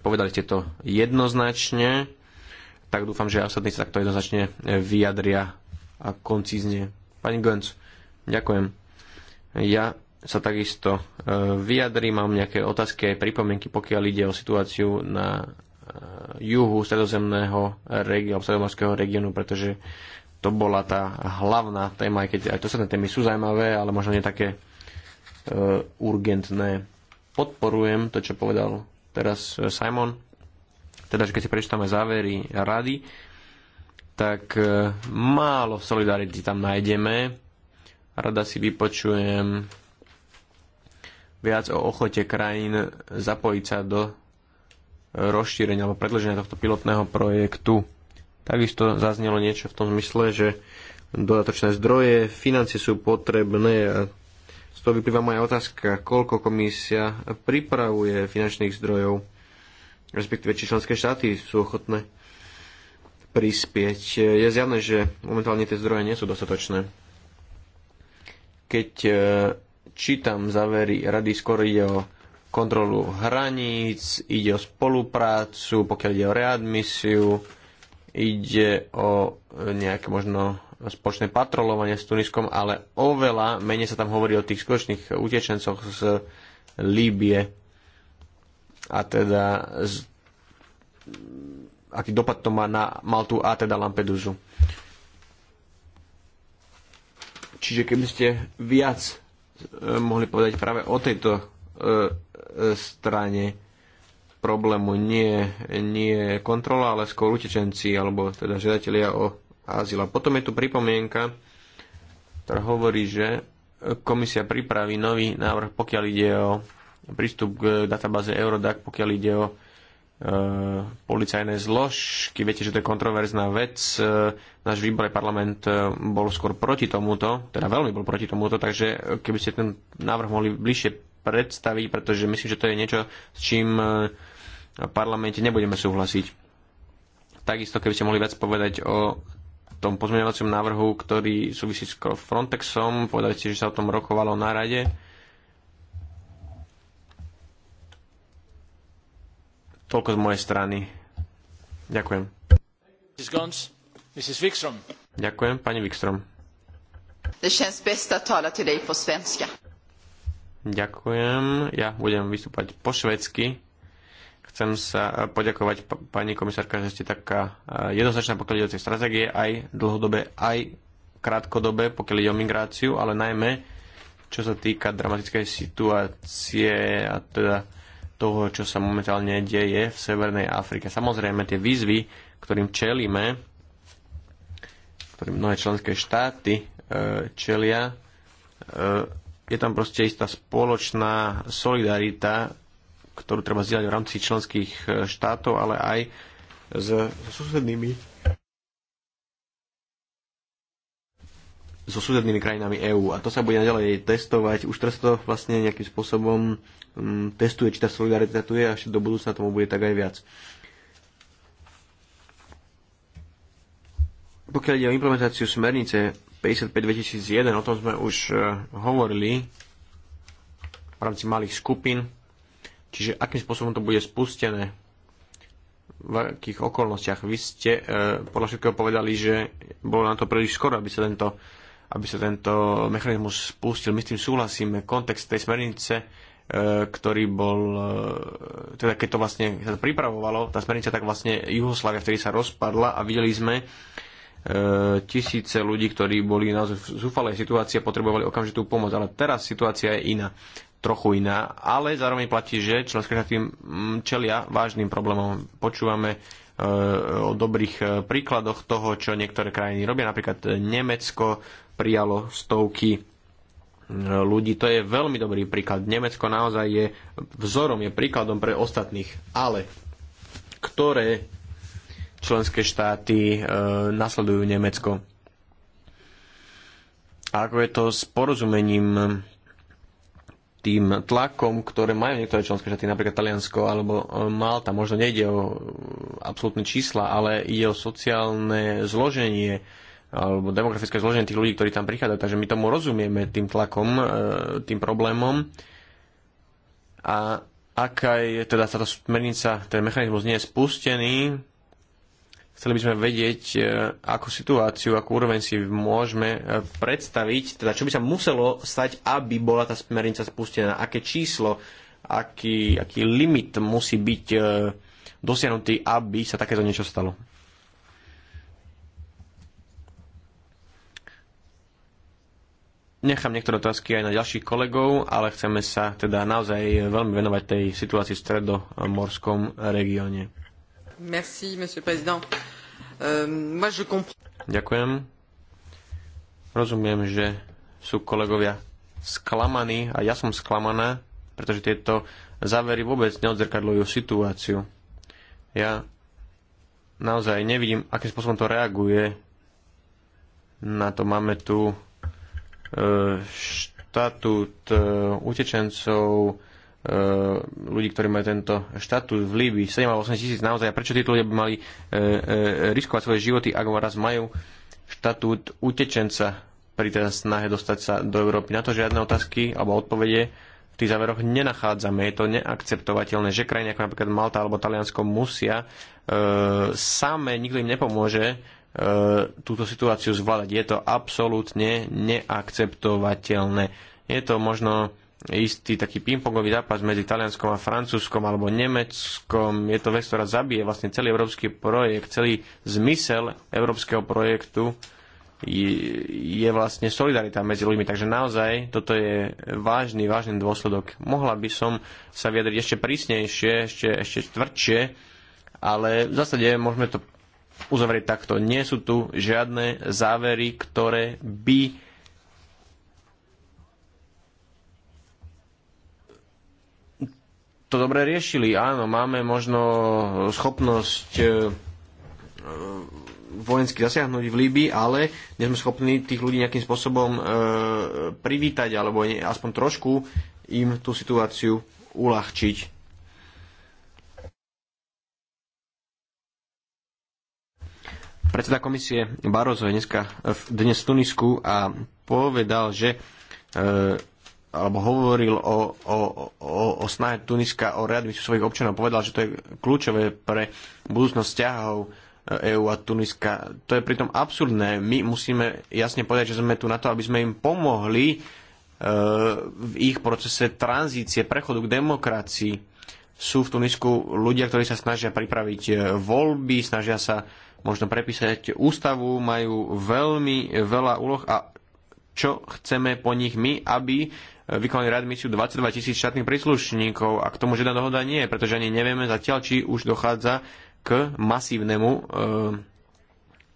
S1: Povedali ste to jednoznačne tak dúfam, že ostatní sa takto jednoznačne e, vyjadria a koncízne. Pani Gönc, ďakujem. Ja sa takisto e, vyjadrím, mám nejaké otázky aj pripomienky, pokiaľ ide o situáciu na e, juhu stredozemného regiónu, stredomorského regiónu, pretože to bola tá hlavná téma, aj keď aj to sa témy sú zaujímavé, ale možno nie také urgentné. Podporujem to, čo povedal teraz Simon teda, že keď si prečítame závery rady, tak e, málo solidarity tam nájdeme. Rada si vypočujem viac o ochote krajín zapojiť sa do rozšírenia alebo predlženia tohto pilotného projektu. Takisto zaznelo niečo v tom zmysle, že dodatočné zdroje, financie sú potrebné a z toho vyplýva moja otázka, koľko komisia pripravuje finančných zdrojov respektíve či členské štáty sú ochotné prispieť. Je zjavné, že momentálne tie zdroje nie sú dostatočné. Keď e, čítam závery rady, skôr ide o kontrolu hraníc, ide o spoluprácu, pokiaľ ide o readmisiu, ide o e, nejaké možno spoločné patrolovanie s Tuniskom, ale oveľa menej sa tam hovorí o tých skutočných utečencoch z Líbie a teda z, aký dopad to má na Maltu a teda Lampedusu. Čiže keby ste viac e, mohli povedať práve o tejto e, e, strane problému, nie, nie kontrola, ale skôr utečenci alebo teda žiadatelia o azyl. A potom je tu pripomienka, ktorá hovorí, že komisia pripraví nový návrh, pokiaľ ide o prístup k databáze Eurodac, pokiaľ ide o e, policajné zložky. Viete, že to je kontroverzná vec. E, náš výbor aj parlament e, bol skôr proti tomuto, teda veľmi bol proti tomuto, takže keby ste ten návrh mohli bližšie predstaviť, pretože myslím, že to je niečo, s čím v parlamente nebudeme súhlasiť. Takisto, keby ste mohli viac povedať o tom pozmeňovacom návrhu, ktorý súvisí s Frontexom, povedali ste, že sa o tom rokovalo na rade Toľko z mojej strany. Ďakujem. Ďakujem, pani Wikström. Ďakujem. Ja budem vystúpať po švedsky. Chcem sa eh, poďakovať pani komisárka, že ste taká eh, jednoznačná pokiaľ ide o tej stratégie, aj dlhodobé, aj krátkodobé, pokiaľ ide o migráciu, ale najmä čo sa týka dramatickej situácie a teda toho, čo sa momentálne deje v Severnej Afrike. Samozrejme, tie výzvy, ktorým čelíme, ktorým mnohé členské štáty e, čelia, e, je tam proste istá spoločná solidarita, ktorú treba zdieľať v rámci členských e, štátov, ale aj s susednými so susednými krajinami EÚ a to sa bude naďalej testovať. Už teraz to vlastne nejakým spôsobom um, testuje, či tá solidarita tu je a ešte do budúcna tomu bude tak aj viac. Pokiaľ ide o implementáciu smernice 55-2001, o tom sme už uh, hovorili v rámci malých skupín, čiže akým spôsobom to bude spustené, v akých okolnostiach. Vy ste uh, podľa všetkého povedali, že bolo na to príliš skoro, aby sa tento aby sa tento mechanizmus spustil. My s tým súhlasíme. Kontext tej smernice, e, ktorý bol, e, teda keď to vlastne sa to pripravovalo, tá smernica, tak vlastne Juhoslavia vtedy sa rozpadla a videli sme e, tisíce ľudí, ktorí boli naozaj v zúfalej situácii a potrebovali okamžitú pomoc. Ale teraz situácia je iná trochu iná, ale zároveň platí, že členské štáty čelia vážnym problémom. Počúvame Eh, o dobrých eh, príkladoch toho, čo niektoré krajiny robia. Napríklad Nemecko prijalo stovky eh, ľudí. To je veľmi dobrý príklad. Nemecko naozaj je vzorom, je príkladom pre ostatných. Ale ktoré členské štáty e, nasledujú Nemecko? A ako je to s porozumením tým tlakom, ktoré majú niektoré členské štáty, napríklad Taliansko alebo eh, Malta. Možno nejde o eh, absolútne čísla, ale ide o sociálne zloženie eh, alebo demografické zloženie tých ľudí, ktorí tam prichádzajú. Takže my tomu rozumieme, tým tlakom, tým problémom. A ak aj teda táto smernica, ten mechanizmus nie je spustený, Chceli by sme vedieť, e, akú situáciu, akú úroveň si môžeme e, predstaviť, teda čo by sa muselo stať, aby bola tá smernica spustená, aké číslo, aký, aký limit musí byť e, dosiahnutý, aby sa takéto niečo stalo. Nechám niektoré otázky aj na ďalších kolegov, ale chceme sa teda naozaj veľmi venovať tej situácii v stredomorskom regióne.
S3: Merci, monsieur président. Ehm,
S1: Ďakujem. Rozumiem, že sú kolegovia sklamaní a ja som sklamaná, pretože tieto závery vôbec neodzrkadľujú situáciu. Ja naozaj nevidím, akým spôsobom to reaguje. Na to máme tu e, štatút e, utečencov, E, ľudí, ktorí majú tento štatút v Líbii, 7 alebo 8 tisíc naozaj. A prečo títo ľudia by mali e, e, riskovať svoje životy, ak raz majú štatút utečenca pri teda snahe dostať sa do Európy? Na to žiadne otázky alebo odpovede v tých záveroch nenachádzame. Je to neakceptovateľné, že krajiny ako napríklad Malta alebo Taliansko musia e, same, nikto im nepomôže, e, túto situáciu zvládať. Je to absolútne neakceptovateľné. Je to možno istý taký pingpongový zápas medzi Talianskom a Francúzskom alebo Nemeckom. Je to vec, ktorá zabije vlastne celý európsky projekt, celý zmysel európskeho projektu je vlastne solidarita medzi ľuďmi. Takže naozaj toto je vážny, vážny dôsledok. Mohla by som sa vyjadriť ešte prísnejšie, ešte, ešte tvrdšie, ale v zásade môžeme to uzavrieť takto. Nie sú tu žiadne závery, ktoré by to dobre riešili. Áno, máme možno schopnosť e, e, vojensky zasiahnuť v Líbii, ale nie sme schopní tých ľudí nejakým spôsobom e, privítať alebo aspoň trošku im tú situáciu uľahčiť. Predseda komisie Barozo je dneska, dnes v Tunisku a povedal, že e, alebo hovoril o, o, o, o snahe Tuniska o readmisiu svojich občanov. Povedal, že to je kľúčové pre budúcnosť vzťahov EÚ e a Tuniska. To je pritom absurdné. My musíme jasne povedať, že sme tu na to, aby sme im pomohli e, v ich procese tranzície, prechodu k demokracii. Sú v Tunisku ľudia, ktorí sa snažia pripraviť e, voľby, snažia sa možno prepísať ústavu, majú veľmi veľa úloh a čo chceme po nich my, aby vykonali rad misiu 22 tisíc štátnych príslušníkov a k tomu žiadna dohoda nie, pretože ani nevieme zatiaľ, či už dochádza k masívnemu e, e,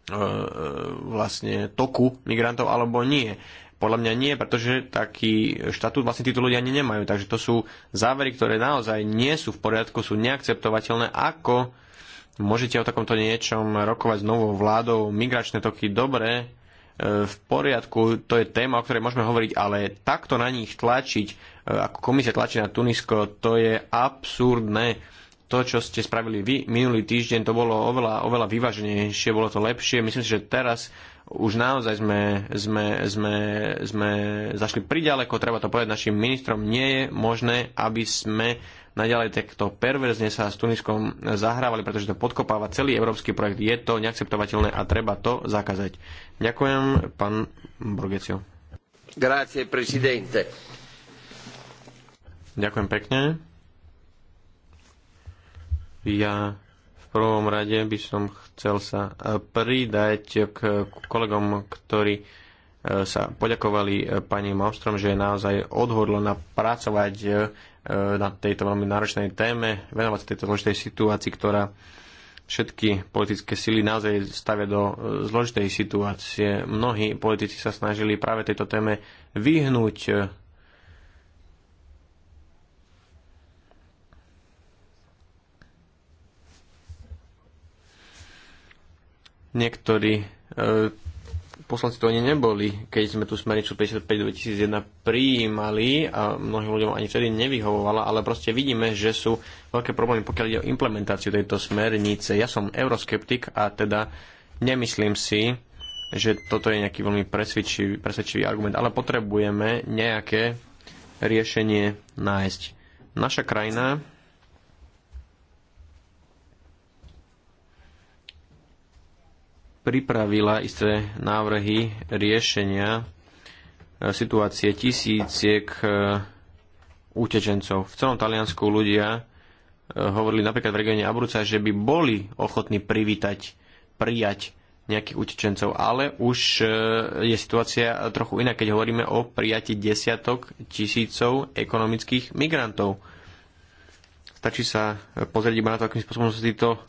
S1: vlastne toku migrantov alebo nie. Podľa mňa nie, pretože taký štatút vlastne títo ľudia ani nemajú. Takže to sú závery, ktoré naozaj nie sú v poriadku, sú neakceptovateľné. Ako môžete o takomto niečom rokovať s novou vládou? Migračné toky dobre, E, v poriadku, to je téma, o ktorej môžeme hovoriť, ale takto na nich tlačiť, e, ako komisia tlačí na Tunisko, to je absurdné. To, čo ste spravili vy minulý týždeň, to bolo oveľa, oveľa vyváženejšie, bolo to lepšie. Myslím si, že teraz už naozaj sme, sme, sme, sme zašli priďaleko, treba to povedať našim ministrom, nie je možné, aby sme naďalej takto perverzne sa s Tuniskom zahrávali, pretože to podkopáva celý európsky projekt. Je to neakceptovateľné a treba to zakázať. Ďakujem, pán Borgecio. Grazie, presidente. Ďakujem pekne. Ja prvom rade by som chcel sa e, pridať k kolegom, ktorí e, sa poďakovali e, pani Malmström, že je naozaj odhodlená pracovať na tejto veľmi náročnej téme, venovať sa tejto zložitej situácii, ktorá všetky politické sily naozaj stavia do zložitej situácie. Mnohí politici sa snažili práve tejto téme vyhnúť Niektorí e, poslanci to ani neboli, keď sme tú smernicu 55-2001 prijímali a mnohým ľuďom ani vtedy nevyhovovala, ale proste vidíme, že sú veľké problémy, pokiaľ ide o implementáciu tejto smernice. Ja som euroskeptik a teda nemyslím si, že toto je nejaký veľmi presvedčivý, presvedčivý argument, ale potrebujeme nejaké riešenie nájsť. Naša krajina pripravila isté návrhy riešenia e, situácie tisíciek e, utečencov. V celom Taliansku ľudia e, hovorili napríklad v regióne Abruca, že by boli ochotní privítať, prijať nejakých utečencov, ale už je situácia trochu iná, keď hovoríme o prijati desiatok tisícov ekonomických migrantov. Stačí sa pozrieť iba na to, akým spôsobom sa títo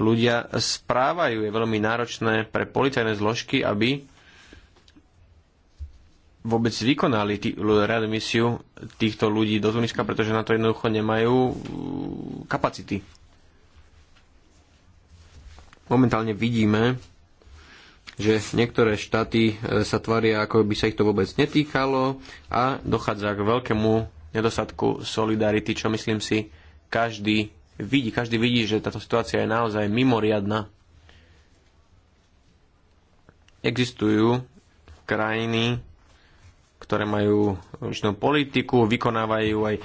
S1: ľudia správajú. Je veľmi náročné pre policajné zložky, aby vôbec vykonali tý, readmisiu týchto ľudí do Tuniska, pretože na to jednoducho nemajú mm, kapacity. Momentálne vidíme, že niektoré štáty e, sa tvária, ako by sa ich to vôbec netýkalo a dochádza k veľkému nedostatku solidarity, čo myslím si každý vidí, každý vidí, že táto situácia je naozaj mimoriadná. Existujú krajiny, ktoré majú určitú politiku, vykonávajú aj e,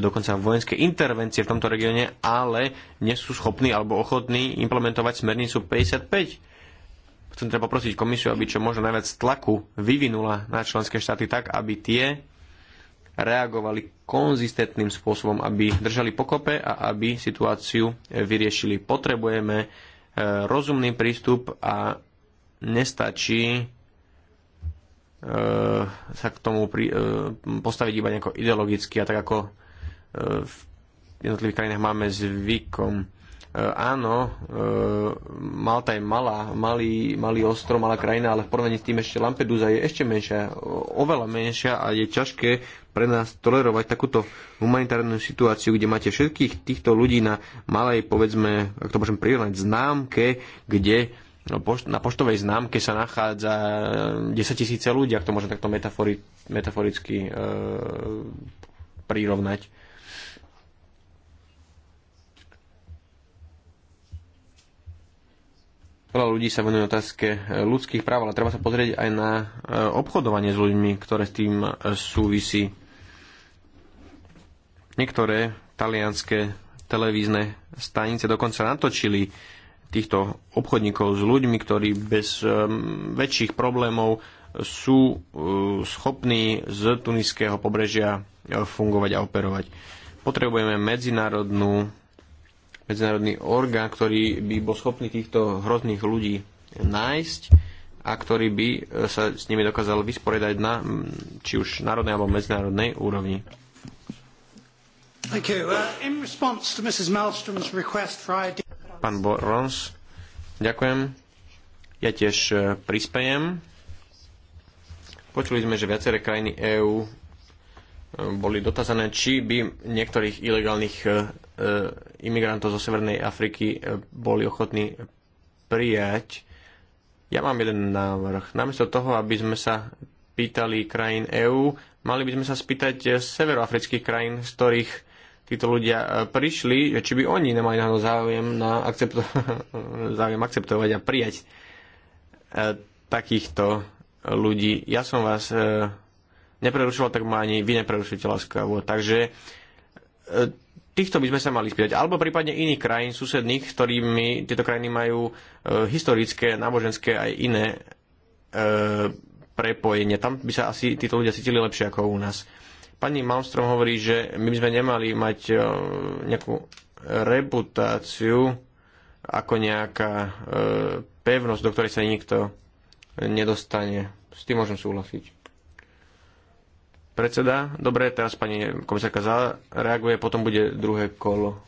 S1: dokonca vojenské intervencie v tomto regióne, ale nie sú schopní alebo ochotní implementovať smernicu 55. Chcem treba poprosiť komisiu, aby čo možno najviac tlaku vyvinula na členské štáty tak, aby tie reagovali konzistentným spôsobom, aby držali pokope a aby situáciu vyriešili. Potrebujeme e, rozumný prístup a nestačí e, sa k tomu e, postaviť iba nejako ideologicky a tak ako v jednotlivých krajinách máme zvykom E, áno, e, Malta je malá, malý, malý ostrov, malá krajina, ale v porovnaní s tým ešte Lampedusa je ešte menšia, oveľa menšia a je ťažké pre nás tolerovať takúto humanitárnu situáciu, kde máte všetkých týchto ľudí na malej, povedzme, ak to môžem prirovnať, známke, kde no, na poštovej známke sa nachádza 10 tisíce ľudí, ak to môžem takto metafori, metaforicky e, prirovnať Veľa ľudí sa venuje otázke eh, ľudských práv, ale treba sa pozrieť aj na eh, obchodovanie s ľuďmi, ktoré s tým eh, súvisí. Niektoré talianské televízne stanice dokonca natočili týchto obchodníkov s ľuďmi, ktorí bez väčších problémov sú schopní z tuniského pobrežia fungovať a operovať. Potrebujeme medzinárodnú medzinárodný orgán, ktorý by bol schopný týchto hrozných ľudí nájsť a ktorý by e, sa s nimi dokázal vysporiadať na či už národnej alebo medzinárodnej úrovni. Uh, Pán Borons, ďakujem. Ja tiež e, prispejem. Počuli sme, že viaceré krajiny EÚ boli dotazané, či by niektorých ilegálnych e, e, imigrantov zo Severnej Afriky e, boli ochotní prijať. Ja mám jeden návrh. Namiesto toho, aby sme sa pýtali krajín EÚ, mali by sme sa spýtať severoafrických krajín, z ktorých títo ľudia prišli, či by oni nemali na záujem, na akcepto- záujem akceptovať a prijať takýchto ľudí. Ja som vás neprerušilo, tak ma ani vy neprerušujete láskavo. Takže e, týchto by sme sa mali spýtať. Alebo prípadne iných krajín susedných, ktorými tieto krajiny majú e, historické, náboženské aj iné e, prepojenie. Tam by sa asi títo ľudia cítili lepšie ako u nás. Pani Malmström hovorí, že my by sme nemali mať e, nejakú reputáciu ako nejaká pevnosť, do ktorej sa nikto nedostane. S tým môžem súhlasiť. Predseda, dobre, teraz pani komisárka zareaguje, potom bude druhé kolo.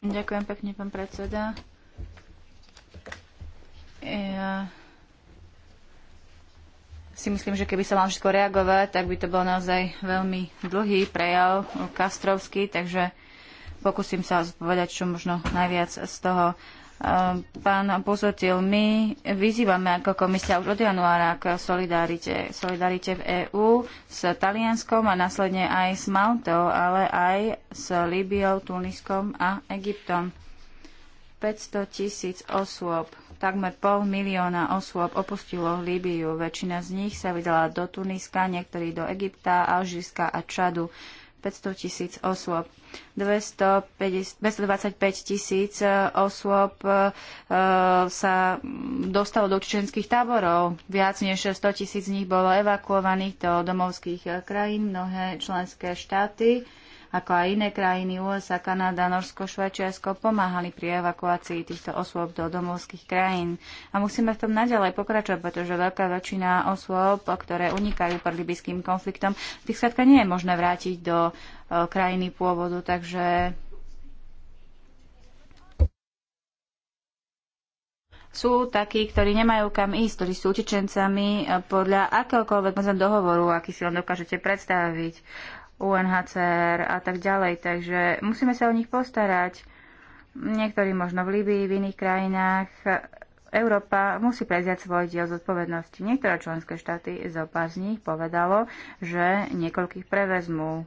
S2: Ďakujem pekne, pán predseda. Ja si myslím, že keby sa mal všetko reagovať, tak by to bol naozaj veľmi dlhý prejav kastrovský, takže pokúsim sa zodpovedať čo možno najviac z toho. Eh, pán posvetil, my vyzývame ako komisia už od januára k solidarite, solidarite v EÚ s Talianskom a následne aj s Maltou, ale aj s Líbiou, Tuniskom a Egyptom. 500 tisíc osôb, takmer pol milióna osôb opustilo Líbiu. Väčšina z nich sa vydala do Tuniska, niektorí do Egypta, Alžírska a Čadu. 500 tisíc osôb. 225 tisíc e, osôb e, sa dostalo do čečenských táborov. Viac než 100 tisíc z nich bolo evakuovaných do domovských e, krajín, mnohé členské štáty ako aj iné krajiny USA, Kanada, Norsko, Švajčiarsko pomáhali pri evakuácii týchto osôb do domovských krajín. A musíme v tom naďalej pokračovať, pretože veľká väčšina osôb, ktoré unikajú pred libyským konfliktom, tých skladka nie je možné vrátiť do e, krajiny pôvodu, takže sú takí, ktorí nemajú kam ísť, ktorí sú utečencami e, podľa akéhokoľvek dohovoru, aký si len dokážete predstaviť. UNHCR a tak ďalej. Takže musíme sa o nich postarať. Niektorí možno v Libii, v iných krajinách. Európa musí preziať svoj diel zodpovednosti. Niektoré členské štáty, zo pár z nich, povedalo, že niekoľkých prevezmú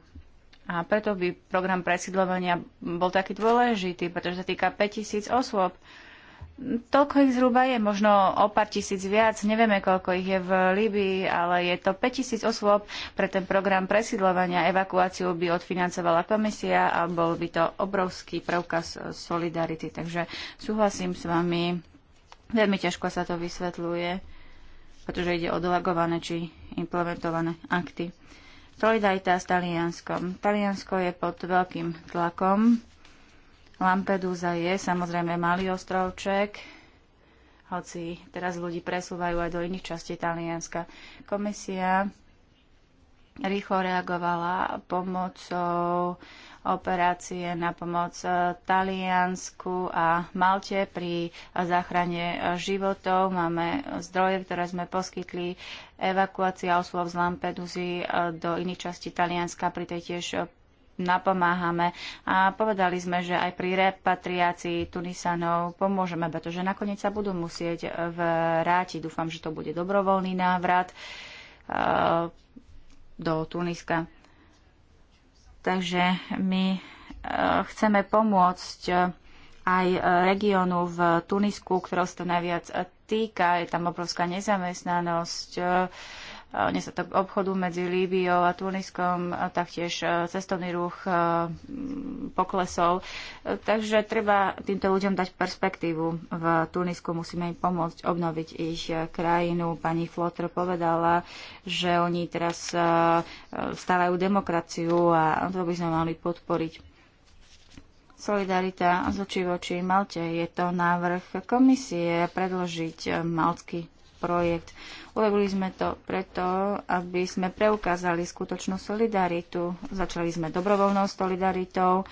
S2: a preto by program presídlovania bol taký dôležitý, pretože sa týka 5000 osôb. Toľko ich zhruba je, možno o pár tisíc viac, nevieme koľko ich je v Líbii, ale je to 5 tisíc osôb pre ten program presídlovania. Evakuáciu by odfinancovala komisia a bol by to obrovský preukaz solidarity. Takže súhlasím s vami, veľmi ťažko sa to vysvetľuje, pretože ide o delegované či implementované akty. Solidarita s Talianskom. Taliansko je pod veľkým tlakom Lampedusa je samozrejme malý ostrovček, hoci teraz ľudí presúvajú aj do iných častí Talianska. Komisia rýchlo reagovala pomocou operácie na pomoc e, Taliansku a Malte pri záchrane e, životov. Máme zdroje, ktoré sme poskytli evakuácia osôb z Lampedusy e, do iných častí Talianska. Pri tej tiež napomáhame a povedali sme, že aj pri repatriácii Tunisanov pomôžeme, pretože nakoniec sa budú musieť vrátiť. Dúfam, že to bude dobrovoľný návrat e, do Tuniska. Takže my e, chceme pomôcť e, aj regiónu v Tunisku, ktorého sa to najviac týka. Je tam obrovská nezamestnanosť to obchodu medzi Líbiou a Tuniskom, a taktiež e, cestovný ruch e, poklesol. E, takže treba týmto ľuďom dať perspektívu. V Tunisku musíme im pomôcť obnoviť ich krajinu. Pani Flotr povedala, že oni teraz stávajú demokraciu a to by sme mali podporiť. Solidarita z očí voči Malte. Je to návrh komisie predložiť maltský projekt. Urobili sme to preto, aby sme preukázali skutočnú solidaritu. Začali sme dobrovoľnou solidaritou.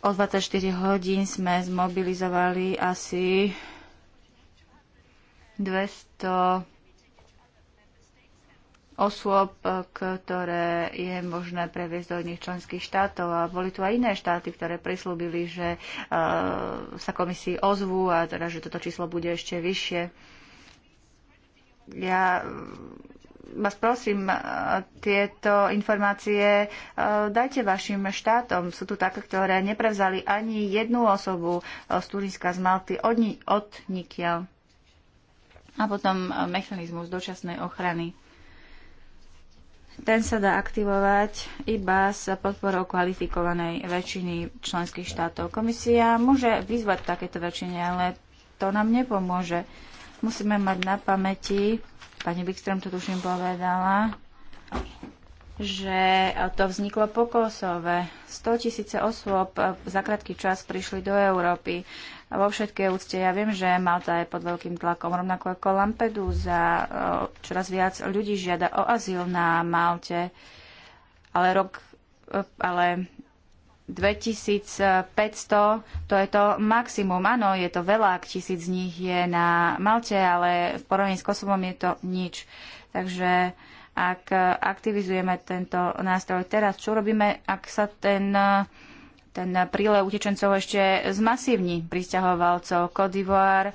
S2: O 24 hodín sme zmobilizovali asi 200 osôb, ktoré je možné previesť do iných členských štátov. A boli tu aj iné štáty, ktoré prislúbili, že uh, sa komisii ozvú a teda, že toto číslo bude ešte vyššie. Ja mm, vás prosím, e, tieto informácie e, dajte vašim štátom. Sú tu také, ktoré neprevzali ani jednu osobu e, z Turinska, z Malty, od, ni- od nikiaľ. A potom mechanizmus dočasnej ochrany. Ten sa dá aktivovať iba s podporou kvalifikovanej väčšiny členských štátov. Komisia môže vyzvať takéto väčšine, ale to nám nepomôže. Uh, Musíme mať na pamäti, pani Bikström to tuším povedala, že to vzniklo po Kosove. 100 tisíce osôb za krátky čas prišli do Európy. A vo všetkej úcte ja viem, že Malta je pod veľkým tlakom, rovnako ako Lampedusa. Čoraz viac ľudí žiada o azyl na Malte. Ale rok e, ale 2500, to je to maximum. Áno, je to veľa, ak tisíc z nich je na Malte, ale v porovnaní s Kosovom je to nič. Takže ak aktivizujeme tento nástroj teraz, čo robíme, ak sa ten uh, ten prílev utečencov ešte zmasívni pristahovalcov. Côte d'Ivoire, eh,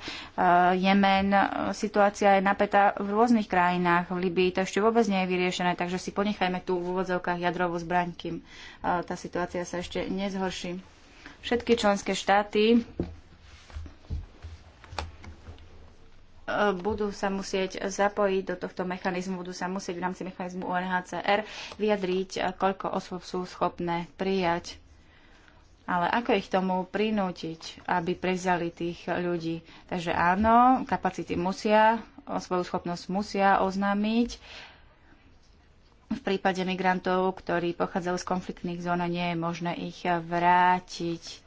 S2: Jemen, eh, situácia je napätá v rôznych krajinách. V Libii to ešte vôbec nie je vyriešené, takže si ponechajme tu v úvodzovkách jadrovú zbraň, kým eh, tá situácia sa ešte nezhorší. Všetky členské štáty budú sa musieť zapojiť do tohto mechanizmu, budú sa musieť v rámci mechanizmu UNHCR vyjadriť, koľko osôb sú schopné prijať ale ako ich tomu prinútiť, aby prezali tých ľudí. Takže áno, kapacity musia, svoju schopnosť musia oznámiť. V prípade migrantov, ktorí pochádzajú z konfliktných zón, nie je možné ich vrátiť.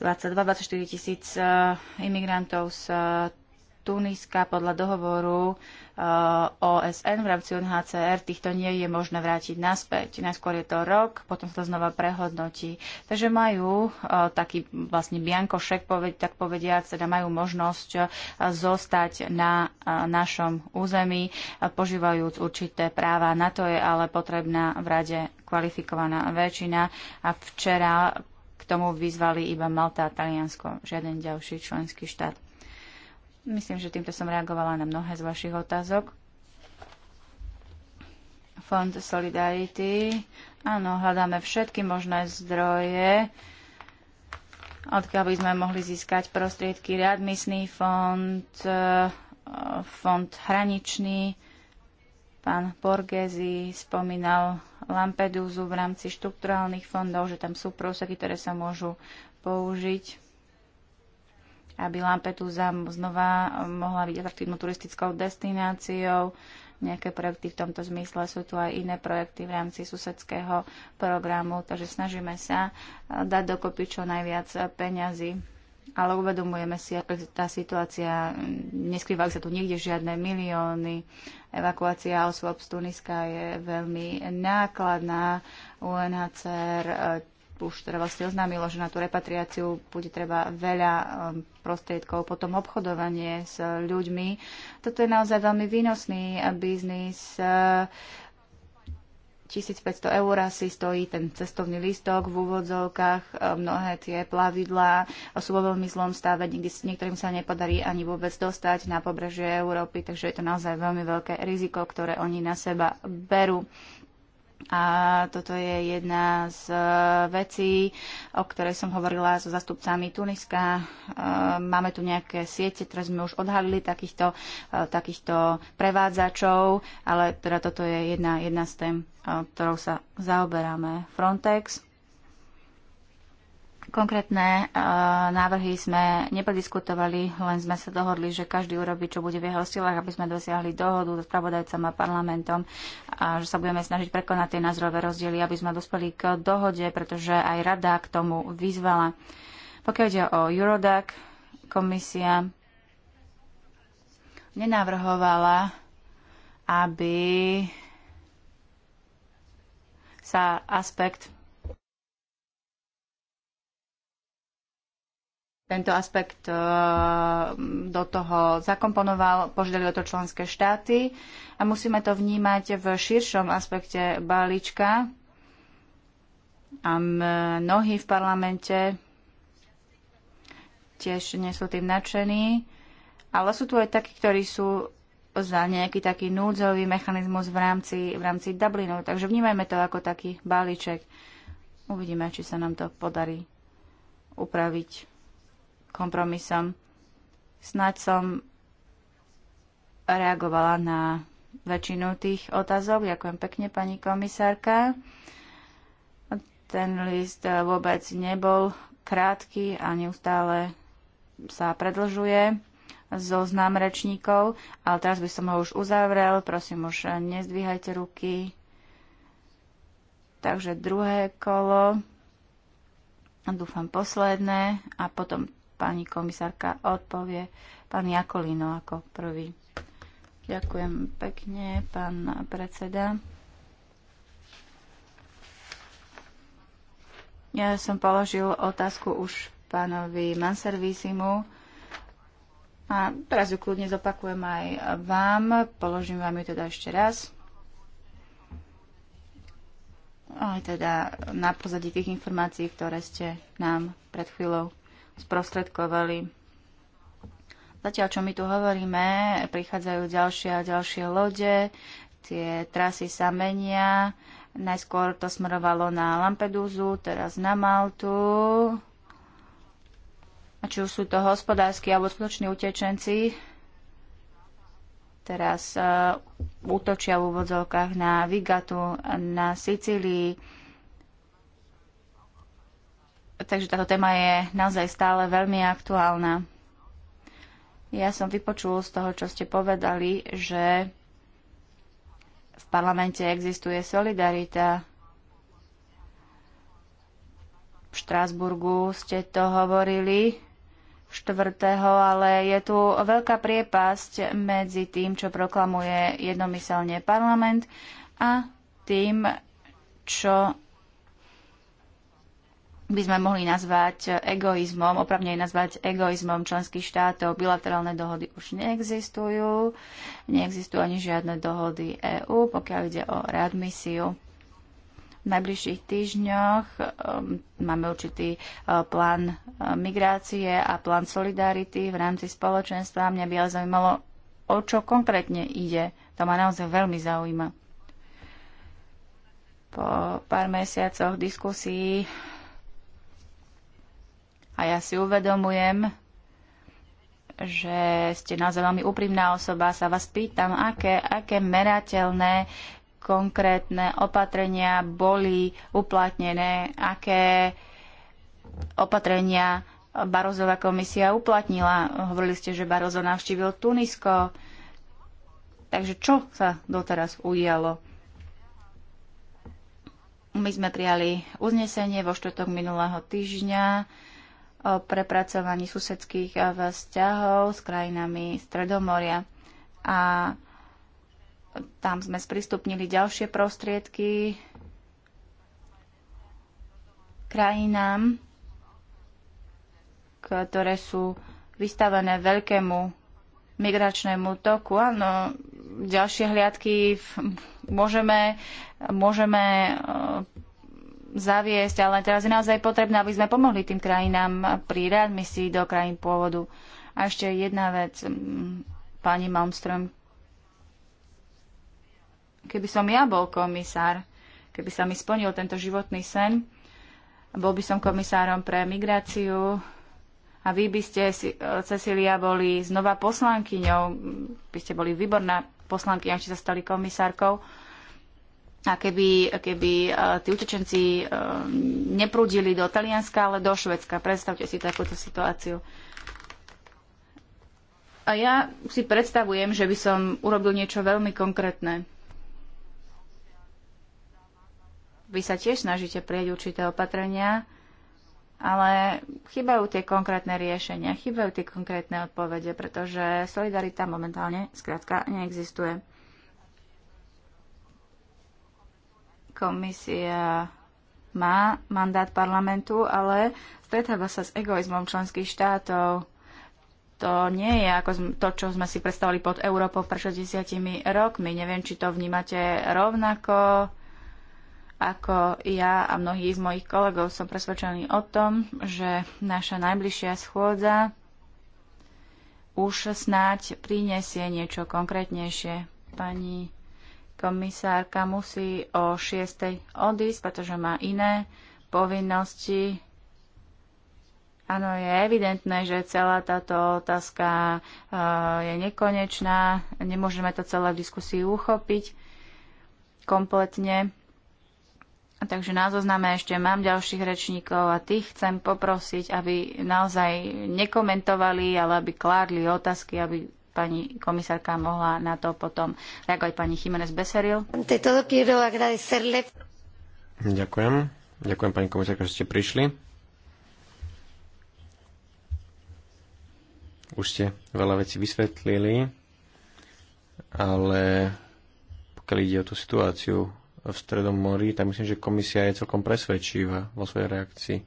S2: 22-24 tisíc eh, imigrantov z Tuniska podľa dohovoru eh, OSN v rámci UNHCR týchto nie je možné vrátiť naspäť. Najskôr je to rok, potom sa to znova prehodnotí. Takže majú eh, taký vlastne biankošek, tak povediať, teda majú možnosť eh, zostať na našom území, požívajúc určité práva. Na to je ale potrebná v rade kvalifikovaná väčšina. A včera k tomu vyzvali iba Malta a Taliansko, žiaden ďalší členský štát. Myslím, že týmto som reagovala na mnohé z vašich otázok. Fond Solidarity. Áno, hľadáme všetky možné zdroje, odkiaľ by sme mohli získať prostriedky. Readmisný fond, eh, fond hraničný. Pán Borgesi spomínal Lampedúzu v rámci štrukturálnych fondov, že tam sú proseky, ktoré sa môžu použiť aby Lampedusa znova eh, mohla byť atraktívnou turistickou destináciou. Nejaké projekty v tomto zmysle sú tu aj iné projekty v rámci susedského programu, takže snažíme sa eh, dať dokopy čo najviac eh, peňazí. Ale uvedomujeme si, že tá situácia, hm, neskrývajú sa tu nikde žiadne milióny. Evakuácia osôb z Tuniska je veľmi nákladná. UNHCR už teda vlastne oznámilo, že na tú repatriáciu bude treba veľa um, prostriedkov, potom obchodovanie s ľuďmi. Toto je naozaj veľmi výnosný eh, biznis. 1500 eh, eur asi stojí ten cestovný lístok v úvodzovkách. Eh, mnohé tie plavidlá sú vo veľmi zlom stave, nikdy, niektorým sa nepodarí ani vôbec dostať na pobrežie Európy, takže je to naozaj veľmi veľké riziko, ktoré oni na seba berú. A toto je jedna z e, vecí, o ktorej som hovorila so zastupcami Tuniska. E, máme tu nejaké siete, ktoré sme už odhalili takýchto, e, takýchto prevádzačov, ale teda toto je jedna, jedna z tém, ktorou sa zaoberáme. Frontex Konkrétne e, návrhy sme neprediskutovali, len sme sa dohodli, že každý urobí, čo bude v jeho silách, aby sme dosiahli dohodu do spravodajcom a parlamentom a že sa budeme snažiť prekonať tie názorové rozdiely, aby sme dospeli k dohode, pretože aj rada k tomu vyzvala. Pokiaľ ide o Eurodac, komisia nenavrhovala, aby sa aspekt tento aspekt e, do toho zakomponoval, požiadali o to členské štáty a musíme to vnímať v širšom aspekte balíčka. A mnohí v parlamente tiež nie sú tým nadšení, ale sú tu aj takí, ktorí sú za nejaký taký núdzový mechanizmus v rámci, v rámci Dublinu. Takže vnímajme to ako taký balíček. Uvidíme, či sa nám to podarí upraviť kompromisom. Snaď som reagovala na väčšinu tých otázok. Ďakujem pekne, pani komisárka. Ten list vôbec nebol krátky a neustále sa predlžuje zoznam rečníkov, ale teraz by som ho už uzavrel. Prosím, už nezdvíhajte ruky. Takže druhé kolo, dúfam posledné a potom pani komisárka odpovie. Pán Jakolino ako prvý. Ďakujem pekne, pán predseda. Ja som položil otázku už pánovi Manservisimu a teraz ju kľudne zopakujem aj vám. Položím vám ju teda ešte raz. Aj teda na pozadí tých informácií, ktoré ste nám pred chvíľou sprostredkovali. Zatiaľ, čo my tu hovoríme, prichádzajú ďalšie a ďalšie lode, tie trasy sa menia. Najskôr to smerovalo na Lampedúzu, teraz na Maltu. A či už sú to hospodárski alebo skutoční utečenci, teraz uh, útočia v úvodzovkách na Vigatu, na Sicílii, Takže táto téma je naozaj stále veľmi aktuálna. Ja som vypočul z toho, čo ste povedali, že v parlamente existuje solidarita. V Štrásburgu ste to hovorili 4. ale je tu veľká priepasť medzi tým, čo proklamuje jednomyselne parlament a tým, čo by sme mohli nazvať egoizmom, opravne aj nazvať egoizmom členských štátov. Bilaterálne dohody už neexistujú, neexistujú ani žiadne dohody EÚ, pokiaľ ide o readmisiu. V najbližších týždňoch um, máme určitý uh, plán uh, migrácie a plán solidarity v rámci spoločenstva. Mňa by ale zaujímalo, o čo konkrétne ide. To ma naozaj veľmi zaujíma. Po pár mesiacoch diskusí a ja si uvedomujem, že ste naozaj veľmi úprimná osoba. Sa vás pýtam, aké, aké merateľné konkrétne opatrenia boli uplatnené, aké opatrenia Barozová komisia uplatnila. Hovorili ste, že Barozo navštívil Tunisko. Takže čo sa doteraz udialo? My sme prijali uznesenie vo štvrtok minulého týždňa o prepracovaní susedských eh, vzťahov s krajinami Stredomoria. A tam sme sprístupnili ďalšie prostriedky krajinám, ktoré sú vystavené veľkému migračnému toku. Áno, ďalšie hliadky môžeme, môžeme eh, zaviesť, ale teraz je naozaj potrebné, aby sme pomohli tým krajinám pri readmisii do krajín pôvodu. A ešte jedna vec, pani Malmström. Keby som ja bol komisár, keby sa mi splnil tento životný sen, bol by som komisárom pre migráciu a vy by ste, e, Cecília, boli znova poslankyňou, by ste boli výborná poslankyňa, či sa stali komisárkou a keby, keby e, tí utečenci e, neprúdili do Talianska, ale do Švedska. Predstavte si takúto situáciu. A ja si predstavujem, že by som urobil niečo veľmi konkrétne. Vy sa tiež snažíte prieť určité opatrenia, ale chýbajú tie konkrétne riešenia, chýbajú tie konkrétne odpovede, pretože solidarita momentálne skrátka neexistuje. Komisia má mandát parlamentu, ale stretáva sa s egoizmom členských štátov. To nie je ako to, čo sme si predstavili pod Európou pred 60 rokmi. Neviem, či to vnímate rovnako ako ja a mnohí z mojich kolegov som presvedčený o tom, že naša najbližšia schôdza už snáď prinesie niečo konkrétnejšie. Pani Komisárka musí o 6. odísť, pretože má iné povinnosti. Áno, je evidentné, že celá táto otázka e, je nekonečná. Nemôžeme to celé v diskusii uchopiť kompletne. Takže na zozname ešte mám ďalších rečníkov a tých chcem poprosiť, aby naozaj nekomentovali, ale aby kládli otázky, aby pani komisárka mohla na to potom reagovať pani Jiménez Beseril. Ďakujem.
S1: Ďakujem pani komisárka, že ste prišli. Už ste veľa vecí vysvetlili, ale pokiaľ ide o tú situáciu v Stredom mori, tak myslím, že komisia je celkom presvedčivá vo svojej reakcii.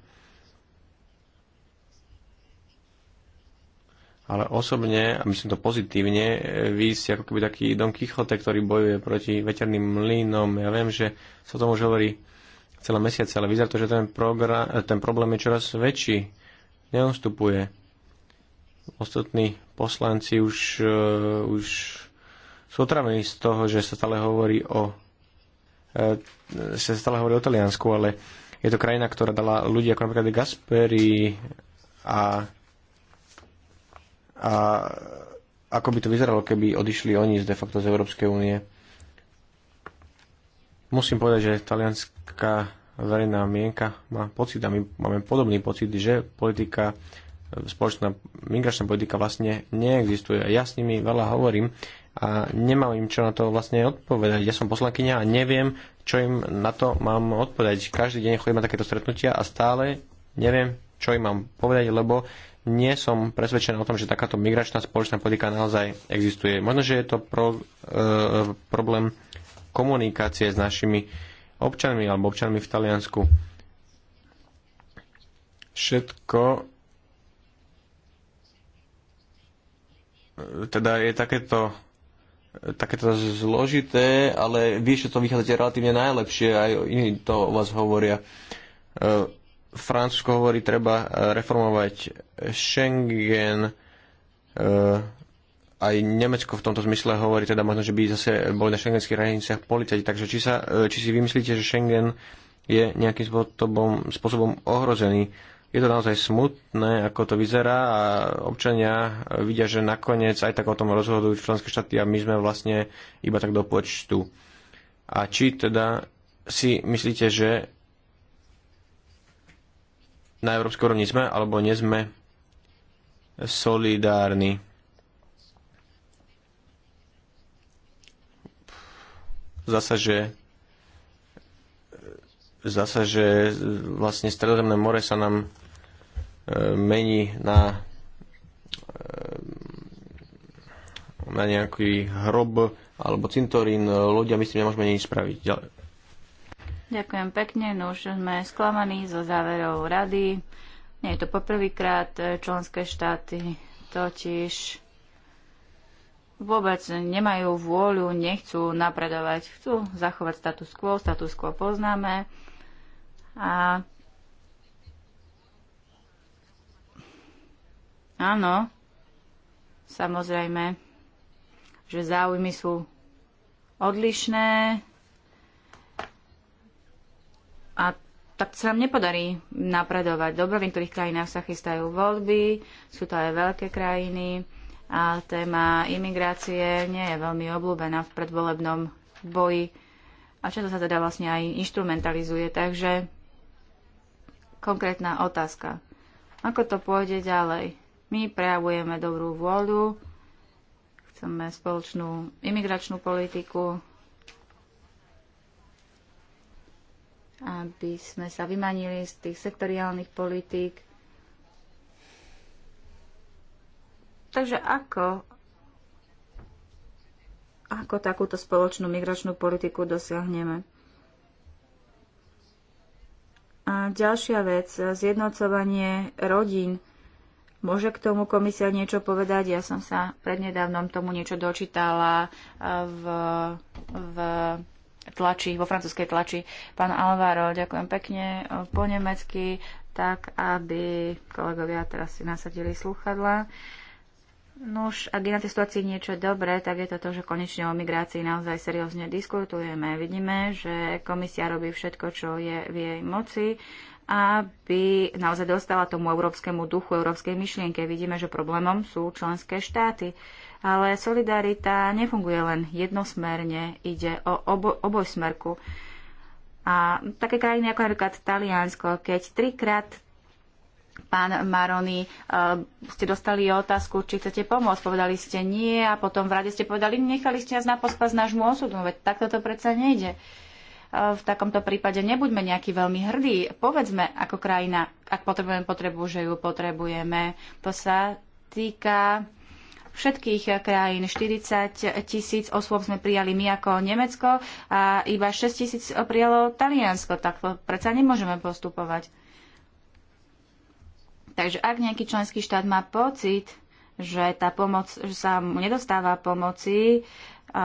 S1: ale osobne, a myslím to pozitívne, e, vy ste ako keby taký Don Quixote, ktorý bojuje proti veterným mlynom. Ja viem, že sa o tom už hovorí celé mesiace, ale vyzerá to, že ten, ten problém je čoraz väčší. Neustupuje. Ostatní poslanci už, uh, už sú otravení z toho, že sa stále hovorí o uh, sa stále hovorí o Taliansku, ale je to krajina, ktorá dala ľudí ako napríklad Gasperi a a ako by to vyzeralo, keby odišli oni z de facto z Európskej únie. Musím povedať, že talianská verejná mienka má pocit, a my máme podobný pocit, že politika, spoločná migračná politika vlastne neexistuje. Ja s nimi veľa hovorím a nemám im čo na to vlastne odpovedať. Ja som poslankyňa a neviem, čo im na to mám odpovedať. Každý deň chodím na takéto stretnutia a stále neviem, čo im mám povedať, lebo nie som presvedčený o tom, že takáto migračná spoločná politika naozaj existuje. Možno, že je to pro, e, problém komunikácie s našimi občanmi alebo občanmi v Taliansku. Všetko e, teda je takéto takéto zložité, ale vy, že to vychádzate relatívne najlepšie, aj iní to o vás hovoria. E, Francúzsko hovorí, treba e, reformovať Schengen, e, aj Nemecko v tomto zmysle hovorí, teda možno, že by zase boli na šengenských hraniciach policajti. Takže či, sa, e, či si vymyslíte, že Schengen je nejakým spôsobom, spôsobom ohrozený? Je to naozaj smutné, ako to vyzerá a občania vidia, že nakoniec aj tak o tom rozhodujú členské štáty a my sme vlastne iba tak do počtu. A či teda si myslíte, že na európskej úrovni sme alebo nie sme solidárni. Zasa, že zasa, že vlastne stredozemné more sa nám e, mení na e, na nejaký hrob alebo cintorín Ľudia myslím, my nemôžeme nič spraviť.
S2: Ďakujem pekne, no už sme sklamaní zo záverov rady. Nie je to poprvýkrát, členské štáty totiž vôbec nemajú vôľu, nechcú napredovať, chcú zachovať status quo, status quo poznáme. A áno, samozrejme, že záujmy sú odlišné, a tak sa nám nepodarí napredovať. Dobro, v niektorých krajinách sa chystajú voľby, sú to aj veľké krajiny a téma imigrácie nie je veľmi obľúbená v predvolebnom boji a často sa teda vlastne aj instrumentalizuje. Takže konkrétna otázka. Ako to pôjde ďalej? My prejavujeme dobrú vôľu, chceme spoločnú imigračnú politiku, aby sme sa vymanili z tých sektoriálnych politík. Takže ako, ako takúto spoločnú migračnú politiku dosiahneme? A ďalšia vec, zjednocovanie rodín. Môže k tomu komisia niečo povedať? Ja som sa prednedávnom tomu niečo dočítala v, v tlači, vo francúzskej tlači. Pán Alvaro, ďakujem pekne po nemecky, tak aby kolegovia teraz si nasadili sluchadla. No už, ak je na tej situácii niečo dobré, tak je to to, že konečne o migrácii naozaj seriózne diskutujeme. Vidíme, že komisia robí všetko, čo je v jej moci aby naozaj dostala tomu európskemu duchu, európskej myšlienke. Vidíme, že problémom sú členské štáty ale solidarita nefunguje len jednosmerne, ide o obo, obojsmerku. A také krajiny ako napríklad Taliansko, keď trikrát pán Maroni, uh, ste dostali otázku, či chcete pomôcť. Povedali ste nie a potom v rade ste povedali, nechali ste nás na pospas nášmu osudu. Veď takto to predsa nejde. Uh, v takomto prípade nebuďme nejaký veľmi hrdí. Povedzme ako krajina, ak potrebujeme potrebu, že ju potrebujeme. To sa týka všetkých krajín. 40 tisíc osôb sme prijali my ako Nemecko a iba 6 tisíc prijalo Taliansko. Tak predsa nemôžeme postupovať. Takže ak nejaký členský štát má pocit, že tá pomoc, že sa mu nedostáva pomoci,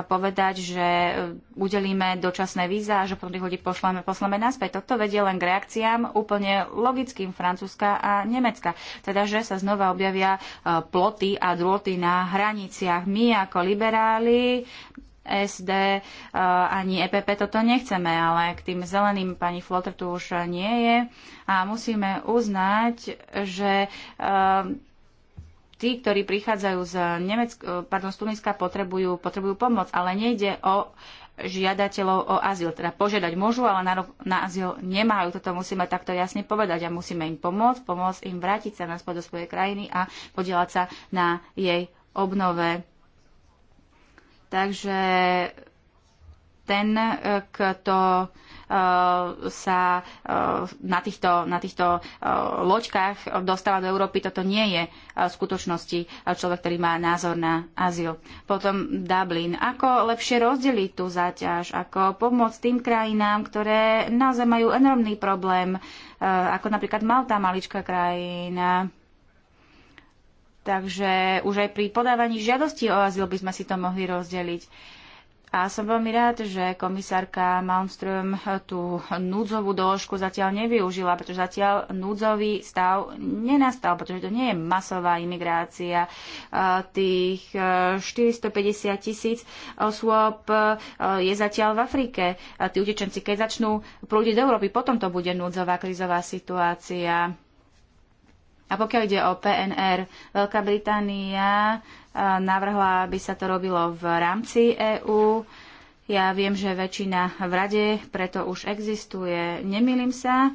S2: povedať, že e, udelíme dočasné víza a že potom tých ľudí pošleme, posleme naspäť. Toto vedie len k reakciám úplne logickým Francúzska a Nemecka. Teda, že sa znova objavia e, ploty a drôty na hraniciach. My ako liberáli SD e, ani EPP toto nechceme, ale k tým zeleným pani Flotter tu už nie je a musíme uznať, že tí, ktorí prichádzajú z, Nemeck- e, pardon, z Tuniska, potrebujú, potrebujú pomoc, ale nejde o žiadateľov o azyl. Teda požiadať môžu, ale na, na azyl nemajú. Toto musíme takto jasne povedať a musíme im pomôcť, pomôcť im vrátiť sa naspäť do svojej krajiny a podielať sa na jej obnove. Takže ten, e, kto Eh, sa eh, na týchto, na týchto eh, loďkách dostáva do Európy. Toto nie je v skutočnosti človek, ktorý má názor na azyl. Potom Dublin. Ako lepšie rozdeliť tú záťaž? Ako pomôcť tým krajinám, ktoré naozaj majú enormný problém, ako napríklad Malta, maličká krajina, Takže už aj pri podávaní žiadosti o azyl by sme si to mohli rozdeliť. A som veľmi rád, že komisárka Malmström tú núdzovú doložku zatiaľ nevyužila, pretože zatiaľ núdzový stav nenastal, pretože to nie je masová imigrácia. E, tých 450 e, tisíc osôb e, je zatiaľ v Afrike. Tí utečenci, keď začnú prúdiť do Európy, potom to bude núdzová krizová situácia. A pokiaľ ide o PNR, Veľká Británia navrhla, aby sa to robilo v rámci EÚ. Ja viem, že väčšina v rade preto už existuje. Nemýlim sa.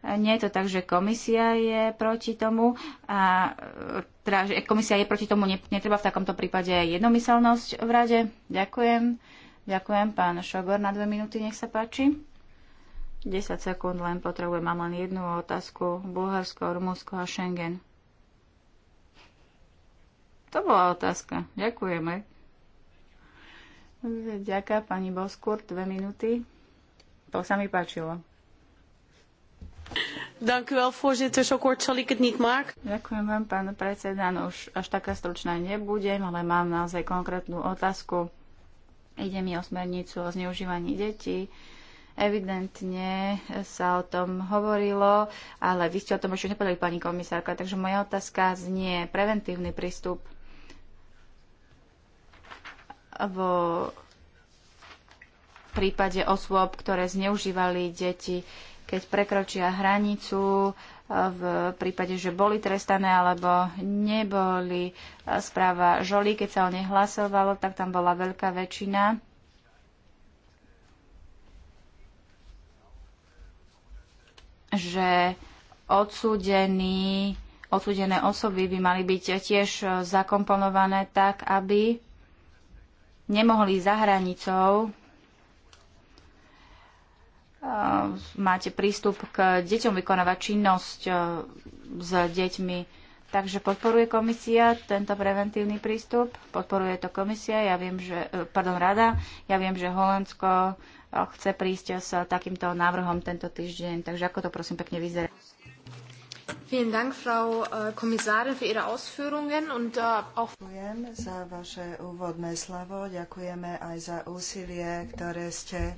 S2: Nie je to tak, že komisia je proti tomu. A, teda, že komisia je proti tomu, netreba v takomto prípade jednomyselnosť v rade. Ďakujem. Ďakujem, pán Šogor, na dve minúty, nech sa páči. 10 sekúnd len potrebujem, mám len jednu otázku. Bulharsko, Rumunsko a Schengen. To bola otázka. Ďakujeme. Ďaká pani Boskur. dve minúty. To sa mi páčilo. Dank u wel, voorzitter. Zo kort zal ik het niet maken. Ďakujem vám, pán predseda. No už až taká stručná nebudem, ale mám naozaj konkrétnu otázku. Ide mi o smernicu o zneužívaní detí. Evidentne sa o tom hovorilo, ale vy ste o tom ešte nepovedali, pani komisárka. Takže moja otázka znie preventívny prístup vo prípade osôb, ktoré zneužívali deti, keď prekročia hranicu, e, v prípade, že boli trestané alebo neboli. E, správa Žoli, keď sa o nej hlasovalo, tak tam bola veľká väčšina. že odsúdení, odsúdené osoby by mali byť tiež e, zakomponované tak, aby nemohli za hranicou e, máte prístup k deťom vykonávať činnosť e, s deťmi. Takže podporuje komisia tento preventívny prístup, podporuje to komisia, ja viem, že, e, pardon, rada, ja viem, že Holandsko chce prísť s takýmto návrhom tento týždeň, takže ako to prosím pekne vyzerá.
S3: Vielen Dank, Frau äh, Komisárin, für Ihre Ausführungen und äh, auch... Ďakujem za vaše úvodné slovo, ďakujeme aj za úsilie, ktoré ste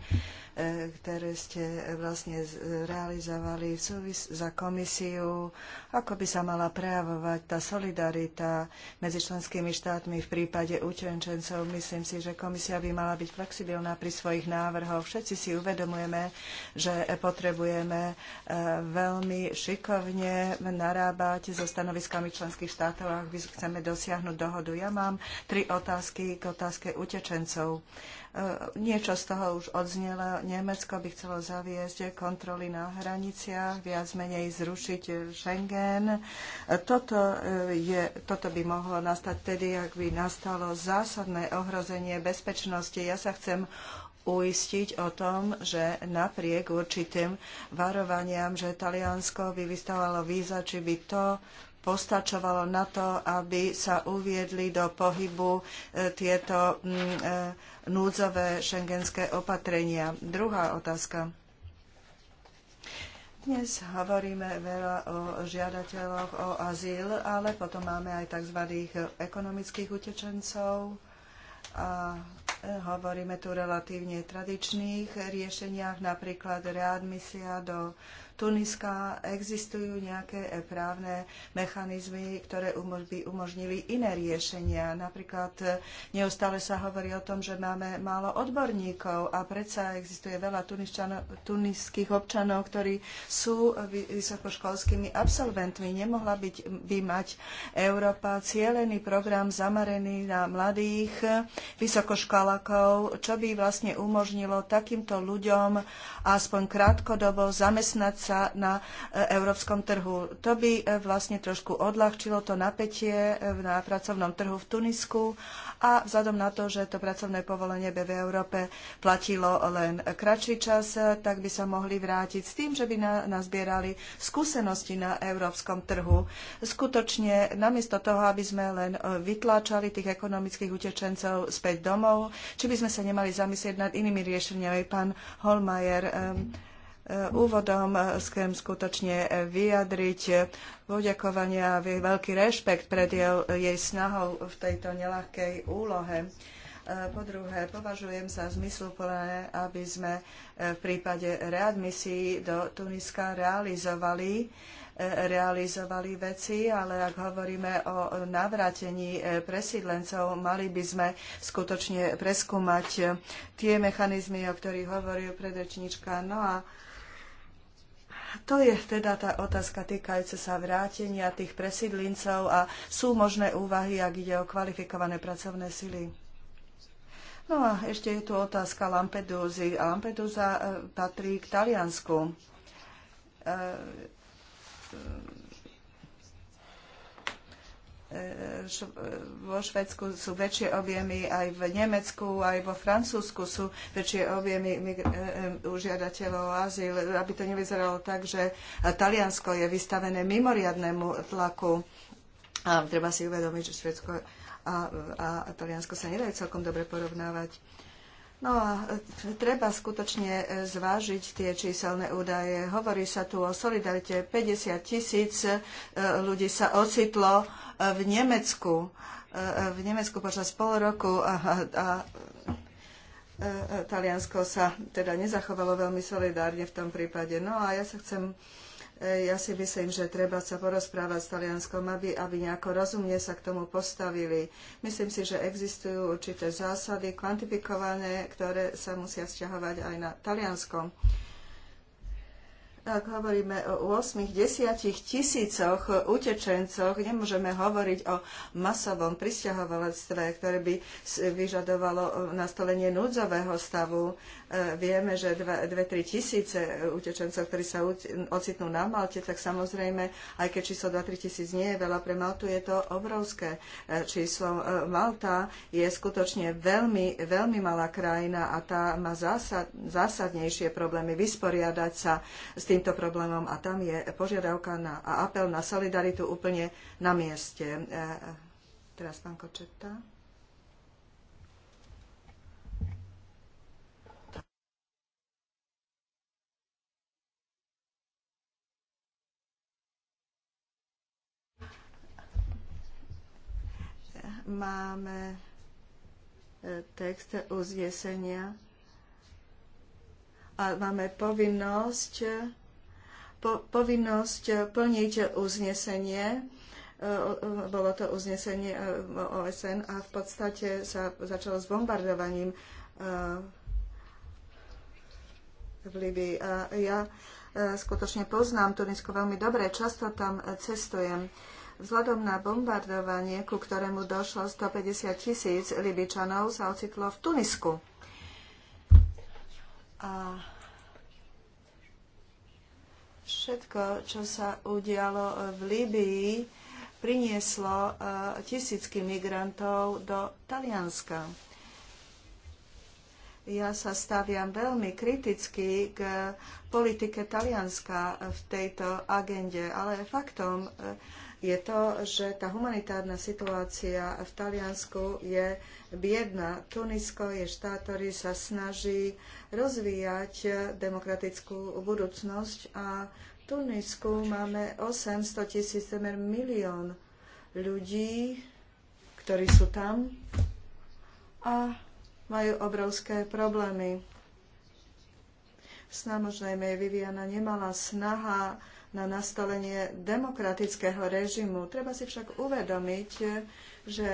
S3: Eh, ktoré ste eh, vlastne realizovali v súvis- za komisiu, ako by sa mala prejavovať tá solidarita medzi členskými štátmi v prípade učenčencov. Myslím si, že komisia by mala byť flexibilná pri svojich návrhoch. Všetci si uvedomujeme, že potrebujeme eh, veľmi šikovne narábať so stanoviskami členských štátov, ak chceme dosiahnuť dohodu. Ja mám tri otázky k otázke utečencov. E, niečo z toho už odznelo. Nemecko by chcelo zaviesť kontroly na hraniciach, viac menej zrušiť Schengen. E, toto, e, je, toto by mohlo nastať tedy, ak by nastalo zásadné ohrozenie bezpečnosti. Ja sa chcem uistiť o tom, že napriek určitým varovaniam, že Taliansko by vystávalo víza, či by to postačovalo na to, aby sa uviedli do pohybu e, tieto e, núdzové šengenské opatrenia. Druhá otázka. Dnes hovoríme veľa o žiadateľoch o azyl, ale potom máme aj tzv. ekonomických utečencov a e, hovoríme tu relatívne tradičných riešeniach, napríklad readmisia do Tuniska existujú nejaké e, právne mechanizmy, ktoré by umožnili iné riešenia. Napríklad e, neustále sa hovorí o tom, že máme málo odborníkov a predsa existuje veľa tuniských občanov, ktorí sú vysokoškolskými absolventmi. Nemohla byť, by mať Európa cielený program zameraný na mladých e, vysokoškolákov, čo by vlastne umožnilo takýmto ľuďom aspoň krátkodobo zamestnať sa na e, európskom trhu. To by e, vlastne trošku odľahčilo to napätie e, na pracovnom trhu v Tunisku a vzhľadom na to, že to pracovné povolenie by v Európe platilo len kratší čas, tak by sa mohli vrátiť s tým, že by nazbierali skúsenosti na európskom trhu. Skutočne, namiesto toho, aby sme len vytláčali tých ekonomických utečencov späť domov, či by sme sa nemali zamyslieť nad inými riešeniami. Pán Holmajer, um, Eh, úvodom eh, chcem skutočne eh, vyjadriť poďakovania a veľký rešpekt pred jej snahou v tejto nelahkej úlohe. Po druhé, považujem za zmysluplné, aby sme v prípade readmisií do Tuniska realizovali realizovali veci, ale ak hovoríme o navrátení presídlencov, mali by sme skutočne preskúmať tie mechanizmy, o ktorých hovoril predrečnička. Noa. To je teda tá otázka týkajúca sa vrátenia tých presídlincov a sú možné úvahy, ak ide o kvalifikované pracovné sily. No a ešte je tu otázka Lampedúzy. Lampedúza e, patrí k Taliansku. E, vo Švedsku sú väčšie objemy, aj v Nemecku, aj vo Francúzsku sú väčšie objemy e, e, u žiadateľov o azyl, aby to nevyzeralo tak, že Taliansko je vystavené mimoriadnému tlaku. A treba si uvedomiť, že Švedsko a, a Taliansko sa nedajú celkom dobre porovnávať. No a e, treba skutočne e, zvážiť tie číselné údaje. Hovorí sa tu o solidarite. 50 tisíc e, ľudí sa ocitlo v Nemecku. V Nemecku počas pol roku a, a Taliansko sa teda nezachovalo veľmi solidárne v tom prípade. No a ja sa chcem ja si myslím, že treba sa porozprávať s Talianskom, aby, aby nejako rozumne sa k tomu postavili. Myslím si, že existujú určité zásady kvantifikované, ktoré sa musia vzťahovať aj na Talianskom. Ak hovoríme o 8-10 tisícoch utečencoch, nemôžeme hovoriť o masovom prisťahovalectve, ktoré by vyžadovalo nastolenie núdzového stavu vieme, že 2-3 tisíce utečencov, ktorí sa ocitnú na Malte, tak samozrejme, aj keď číslo 2-3 tisíc nie je veľa pre Maltu, je to obrovské eh, číslo. Eh, Malta je skutočne veľmi, veľmi malá krajina a tá má zásad, zásadnejšie problémy vysporiadať sa s týmto problémom a tam je požiadavka na, a apel na solidaritu úplne na mieste. Eh, teraz pán Kočeta. máme e, text uznesenia a máme povinnosť, po, povinnosť plniť uznesenie. E, bolo to uznesenie e, OSN a v podstate sa začalo s bombardovaním v Libii. A ja skutočne poznám Tunisko veľmi dobre, často tam cestujem. Vzhľadom na bombardovanie, ku ktorému došlo 150 tisíc Libičanov, sa ocitlo v Tunisku. A všetko, čo sa udialo v Líbii, prinieslo e, tisícky migrantov do Talianska. Ja sa staviam veľmi kriticky k politike Talianska v tejto agende, ale faktom e, je to, že tá humanitárna situácia v Taliansku je biedna. Tunisko je štát, ktorý sa snaží rozvíjať demokratickú budúcnosť a v Tunisku máme 800 tisíc, temer milión ľudí, ktorí sú tam a majú obrovské problémy. Snamožnejme je vyvíjana nemalá snaha na nastolenie demokratického režimu. Treba si však uvedomiť, že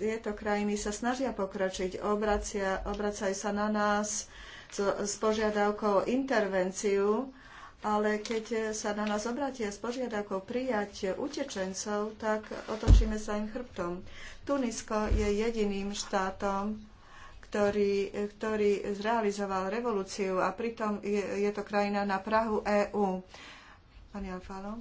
S3: tieto krajiny sa snažia pokročiť, obracia, obracajú sa na nás s, s požiadavkou intervenciu, ale keď sa na nás obratia s požiadavkou prijať utečencov, tak otočíme sa im chrbtom. Tunisko je jediným štátom, ktorý, ktorý zrealizoval revolúciu a pritom je, je to krajina na Prahu EÚ. Pani Alfalo.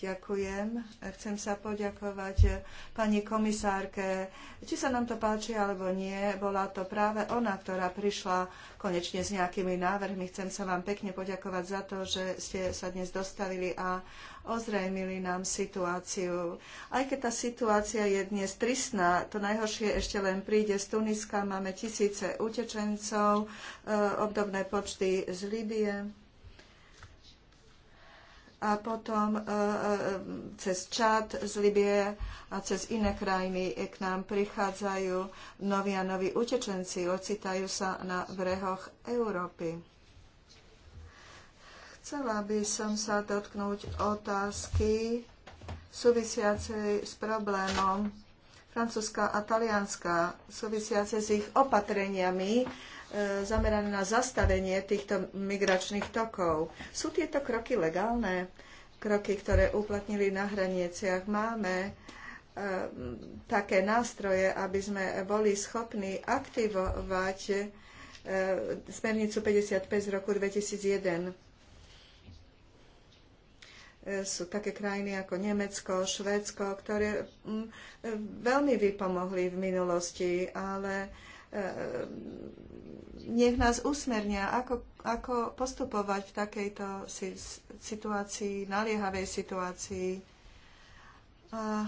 S3: Ďakujem. Chcem sa poďakovať eh, pani komisárke. Či sa nám to páči alebo nie, bola to práve ona, ktorá prišla konečne s nejakými návrhmi. Chcem sa vám pekne poďakovať za to, že ste sa dnes dostavili a ozrejmili nám situáciu. Aj keď tá situácia je dnes tristná, to najhoršie ešte len príde z Tuniska. Máme tisíce utečencov, eh, obdobné počty z Líbie a potom e, e, cez Čad z Libie a cez iné krajiny k nám prichádzajú noví a noví utečenci, ocitajú sa na brehoch Európy. Chcela by som sa dotknúť otázky súvisiacej s problémom Francúzska a Talianska, súvisiacej s ich opatreniami E, zamerané na zastavenie týchto migračných tokov. Sú tieto kroky legálne? Kroky, ktoré uplatnili na hraniciach, máme e, také nástroje, aby sme boli schopní aktivovať e, smernicu 55 z roku 2001. Sú také krajiny ako Nemecko, Švédsko, ktoré mm, veľmi vypomohli v minulosti, ale E, nech nás usmernia, ako, ako postupovať v takejto situácii, naliehavej situácii. A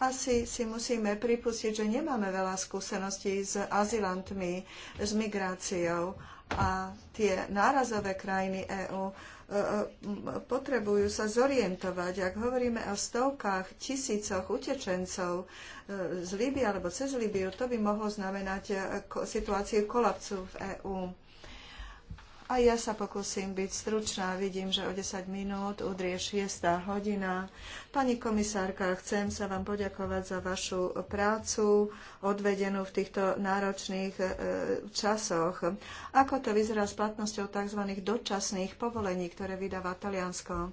S3: asi si musíme pripustiť, že nemáme veľa skúseností s azylantmi, s migráciou a tie nárazové krajiny EÚ potrebujú sa zorientovať. Ak hovoríme o stovkách, tisícoch utečencov e, z Líby alebo cez Líbiu, to by mohlo znamenať e, situáciu kolapsu v EÚ. A ja sa pokúsim byť stručná. Vidím, že o 10 minút udrie 6. hodina. Pani komisárka, chcem sa vám poďakovať za vašu prácu odvedenú v týchto náročných e, časoch. Ako to vyzerá s platnosťou tzv. dočasných povolení, ktoré vydáva Taliansko? E,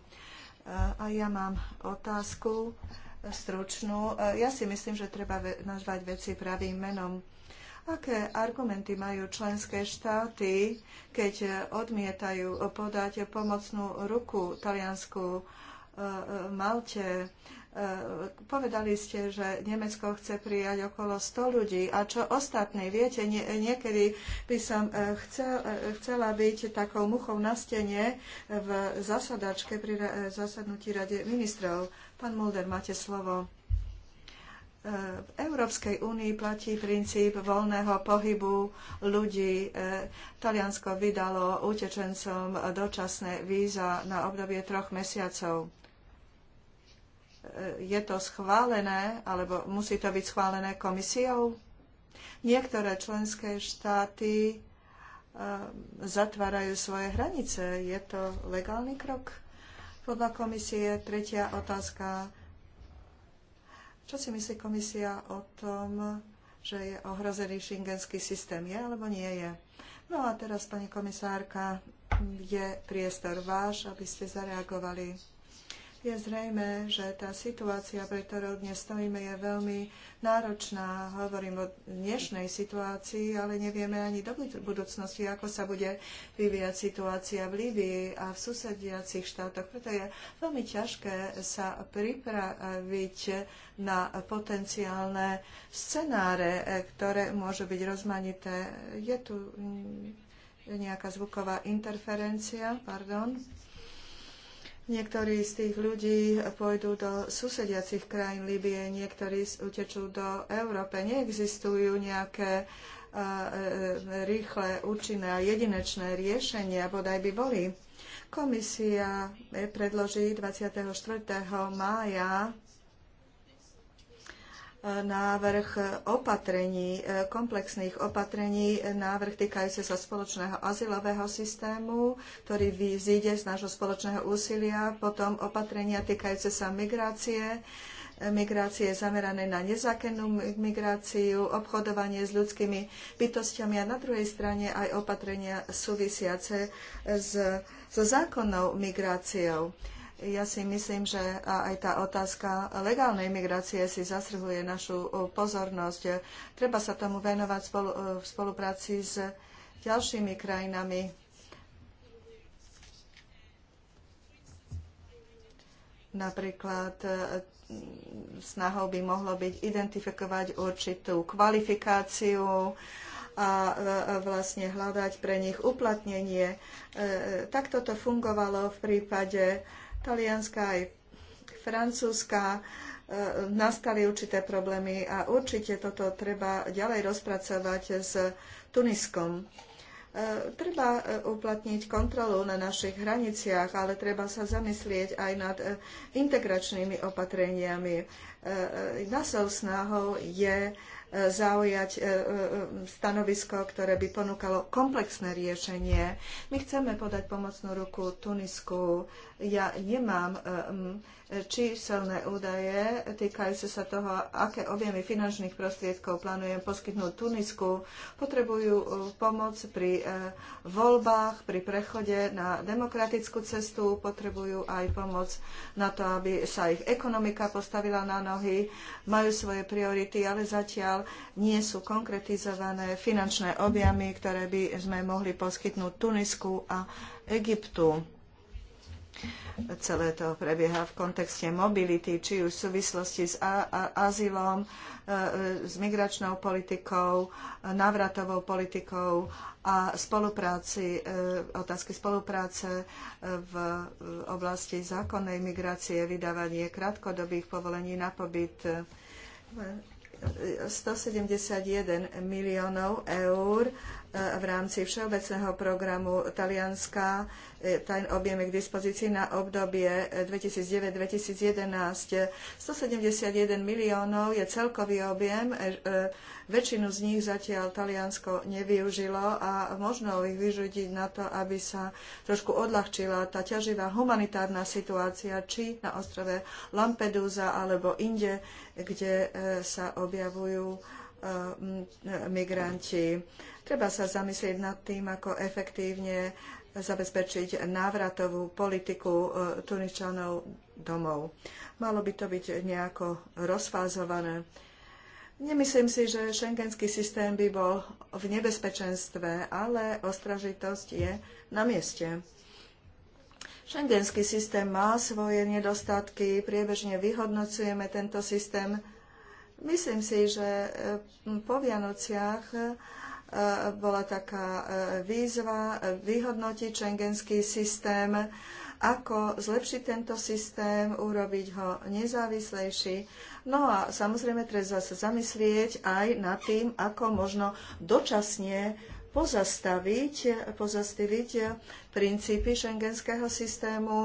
S3: a ja mám otázku e, stručnú. Ja si myslím, že treba nazvať veci pravým menom Aké argumenty majú členské štáty, keď odmietajú podať pomocnú ruku Taliansku e, e, Malte? E, povedali ste, že Nemecko chce prijať okolo 100 ľudí. A čo ostatní? Viete, nie, niekedy by som chcel, chcela byť takou muchou na stene v zasadačke pri zasadnutí Rade ministrov. Pán Mulder, máte slovo v Európskej únii platí princíp voľného pohybu ľudí. Taliansko vydalo utečencom dočasné víza na obdobie troch mesiacov. Je to schválené, alebo musí to byť schválené komisiou? Niektoré členské štáty ehm, zatvárajú svoje hranice. Je to legálny krok? Podľa komisie tretia otázka čo si myslí komisia o tom, že je ohrozený šingenský systém? Je alebo nie je? No a teraz, pani komisárka, je priestor váš, aby ste zareagovali je zrejme, že tá situácia, pre ktorou dnes stojíme, je veľmi náročná. Hovorím o dnešnej situácii, ale nevieme ani do budúcnosti, ako sa bude vyvíjať situácia v Líbii a v susediacich štátoch. Preto je veľmi ťažké sa pripraviť na potenciálne scenáre, e, ktoré môžu byť rozmanité. Je tu mm, nejaká zvuková interferencia, pardon. Niektorí z tých ľudí pôjdu do susediacich krajín Libie, niektorí utečú do Európe. Neexistujú nejaké e, e, e, rýchle, účinné a jedinečné riešenia, bodaj by boli. Komisia predloží 24. mája návrh opatrení, e, komplexných opatrení, e, návrh týkajúce sa spoločného azylového systému, ktorý vyzíde z nášho spoločného úsilia, potom opatrenia týkajúce sa migrácie, e, migrácie zamerané na nezákonnú migráciu, obchodovanie s ľudskými bytostiami a na druhej strane aj opatrenia súvisiace so zákonnou migráciou ja si myslím, že aj tá otázka legálnej migrácie si zasrhuje našu pozornosť. Treba sa tomu venovať v spolupráci s ďalšími krajinami. Napríklad e, snahou by mohlo byť identifikovať určitú kvalifikáciu, a e, vlastne hľadať pre nich uplatnenie. E, takto to fungovalo v prípade talianská aj francúzska, e, nastali určité problémy a určite toto treba ďalej rozpracovať s Tuniskom. E, treba e, uplatniť kontrolu na našich hraniciach, ale treba sa zamyslieť aj nad integračnými opatreniami. Nasou snahou je zaujať e, e, stanovisko, ktoré by ponúkalo komplexné riešenie. My chceme podať pomocnú ruku Tunisku. Ja nemám e, číselné údaje týkajúce sa toho, aké objemy finančných prostriedkov plánujem poskytnúť Tunisku. Potrebujú pomoc pri voľbách, pri prechode na demokratickú cestu, potrebujú aj pomoc na to, aby sa ich ekonomika postavila na nohy, majú svoje priority, ale zatiaľ žiaľ nie sú konkretizované finančné objamy, ktoré by sme mohli poskytnúť Tunisku a Egyptu. Celé to prebieha v kontexte mobility, či už v súvislosti s azylom, e, e, s migračnou politikou, návratovou politikou a spolupráci, e, otázky spolupráce v oblasti zákonnej migrácie, vydávanie krátkodobých povolení na pobyt. 171 miliónov eur v rámci všeobecného programu Talianska. E, ten objem je k dispozícii na obdobie 2009-2011. E, 171 miliónov je celkový objem. E, väčšinu z nich zatiaľ Taliansko nevyužilo a možno ich vyžudiť na to, aby sa trošku odľahčila tá ťaživá humanitárna situácia, či na ostrove Lampedusa alebo inde, kde sa objavujú migranti Treba sa zamyslieť nad tým, ako efektívne zabezpečiť návratovú politiku e, Tuničanov domov. Malo by to byť nejako rozfázované. Nemyslím si, že šengenský systém by bol v nebezpečenstve, ale ostražitosť je na mieste. Šengenský systém má svoje nedostatky, priebežne vyhodnocujeme tento systém. Myslím si, že e, po Vianociach bola taká e, výzva e, vyhodnotiť šengenský systém, ako zlepšiť tento systém, urobiť ho nezávislejší. No a samozrejme treba sa zamyslieť aj nad tým, ako možno dočasne pozastaviť, pozastaviť princípy šengenského systému.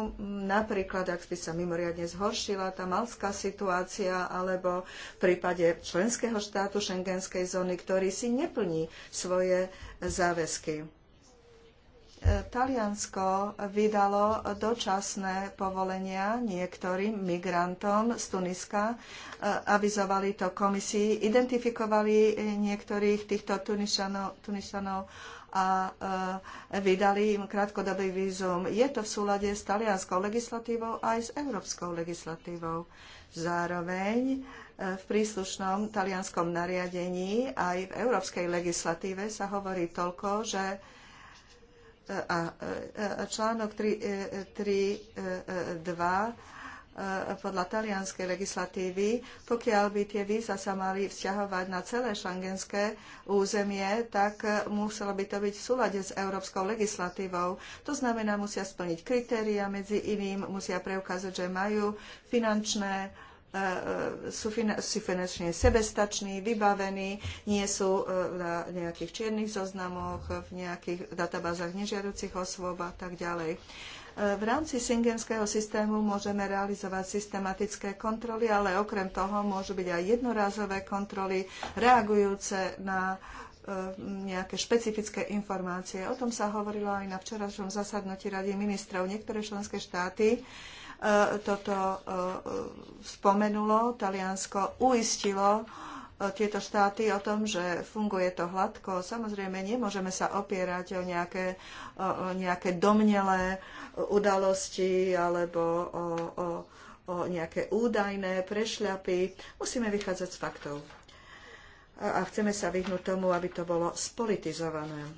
S3: Napríklad, ak by sa mimoriadne zhoršila tá malská situácia, alebo v prípade členského štátu šengenskej zóny, ktorý si neplní svoje záväzky. Taliansko vydalo dočasné povolenia niektorým migrantom z Tuniska. E, avizovali to komisii, identifikovali niektorých týchto Tunisanov, a e, vydali im krátkodobý vízum. Je to v súlade s talianskou legislatívou aj s európskou legislatívou. Zároveň e, v príslušnom talianskom nariadení aj v európskej legislatíve sa hovorí toľko, že a e, e, článok 3.2 e, podľa talianskej legislatívy, pokiaľ by tie víza sa mali vzťahovať na celé šangenské územie, tak muselo by to byť v súlade s európskou legislatívou. To znamená, musia splniť kritéria, medzi iným musia preukázať, že majú finančné E, e, sú finančne sebestační, vybavení, nie sú e, na nejakých čiernych zoznamoch, v nejakých databázach nežiaducich osôb a tak ďalej. V rámci Singenského systému môžeme realizovať systematické kontroly, ale okrem toho môžu byť aj jednorázové kontroly reagujúce na nejaké špecifické informácie. O tom sa hovorilo aj na včerajšom zasadnutí Rady ministrov. Niektoré členské štáty uh, E, toto e, e, spomenulo. Taliansko uistilo tieto štáty o tom, že funguje to hladko. Samozrejme, nemôžeme sa opierať o nejaké, o nejaké domnelé udalosti alebo o, o, o nejaké údajné prešľapy. Musíme vychádzať z faktov. A chceme sa vyhnúť tomu, aby to bolo spolitizované.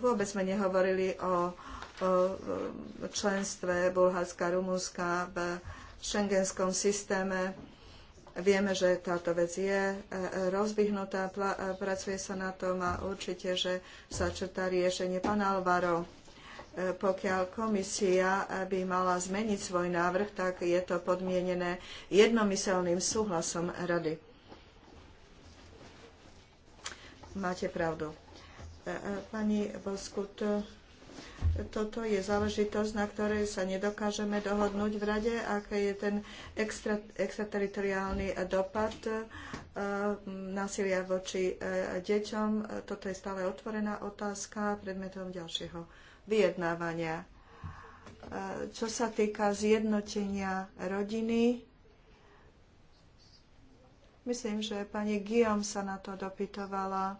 S3: Vôbec sme nehovorili o členstve Bulharska, Rumunska v šengenskom systéme. Vieme, že táto vec je e, rozbihnutá, e, pracuje sa na tom a určite, že sa črta riešenie. Pán Alvaro, e, pokiaľ komisia by mala zmeniť svoj návrh, tak je to podmienené jednomyselným súhlasom rady. Máte pravdu. Pani Boskut, toto je záležitosť, na ktorej sa nedokážeme dohodnúť v rade, aký je ten extra, extrateritoriálny dopad e, násilia voči e, deťom. Toto je stále otvorená otázka predmetom ďalšieho vyjednávania. E, čo sa týka zjednotenia rodiny, myslím, že pani Guillaume sa na to dopytovala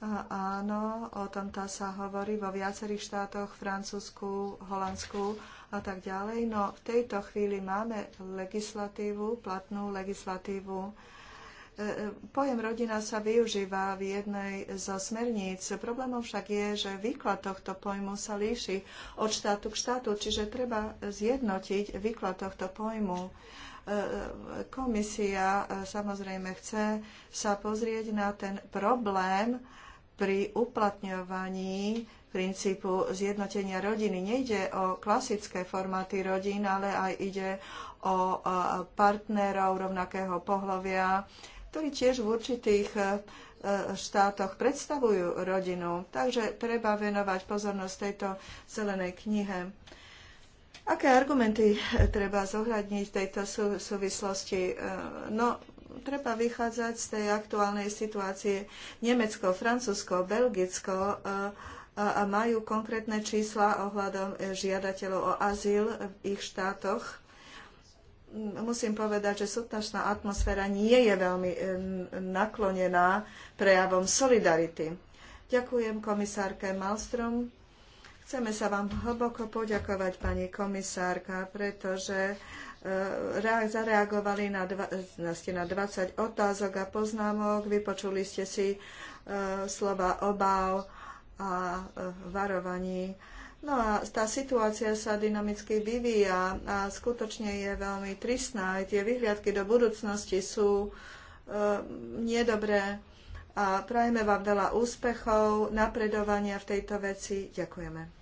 S3: a áno, o tomto sa hovorí vo viacerých štátoch, Francúzsku, Holandsku a tak ďalej. No v tejto chvíli máme legislatívu, platnú legislatívu. E, e, pojem rodina sa využíva v jednej zo smerníc. Problémom však je, že výklad tohto pojmu sa líši od štátu k štátu, čiže treba zjednotiť výklad tohto pojmu. E, komisia samozrejme chce sa pozrieť na ten problém pri uplatňovaní princípu zjednotenia rodiny. Nejde o klasické formáty rodín, ale aj ide o partnerov rovnakého pohľavia, ktorí tiež v určitých e, štátoch predstavujú rodinu. Takže treba venovať pozornosť tejto zelenej knihe. Aké argumenty treba zohľadniť v tejto súvislosti? E, no, treba vychádzať z tej aktuálnej situácie. Nemecko, Francúzsko, Belgicko e, e, majú konkrétne čísla ohľadom e, žiadateľov o azyl v ich štátoch. Musím povedať, že súdnačná atmosféra nie je veľmi naklonená prejavom solidarity. Ďakujem komisárke Malstrom. Chceme sa vám hlboko poďakovať, pani komisárka, pretože E, zareagovali na, dva, vlastne na 20 otázok a poznámok, vypočuli ste si e, slova obáv a e, varovaní. No a tá situácia sa dynamicky vyvíja a skutočne je veľmi tristná. Aj tie vyhliadky do budúcnosti sú e, nedobré a prajeme vám veľa úspechov, napredovania v tejto veci. Ďakujeme.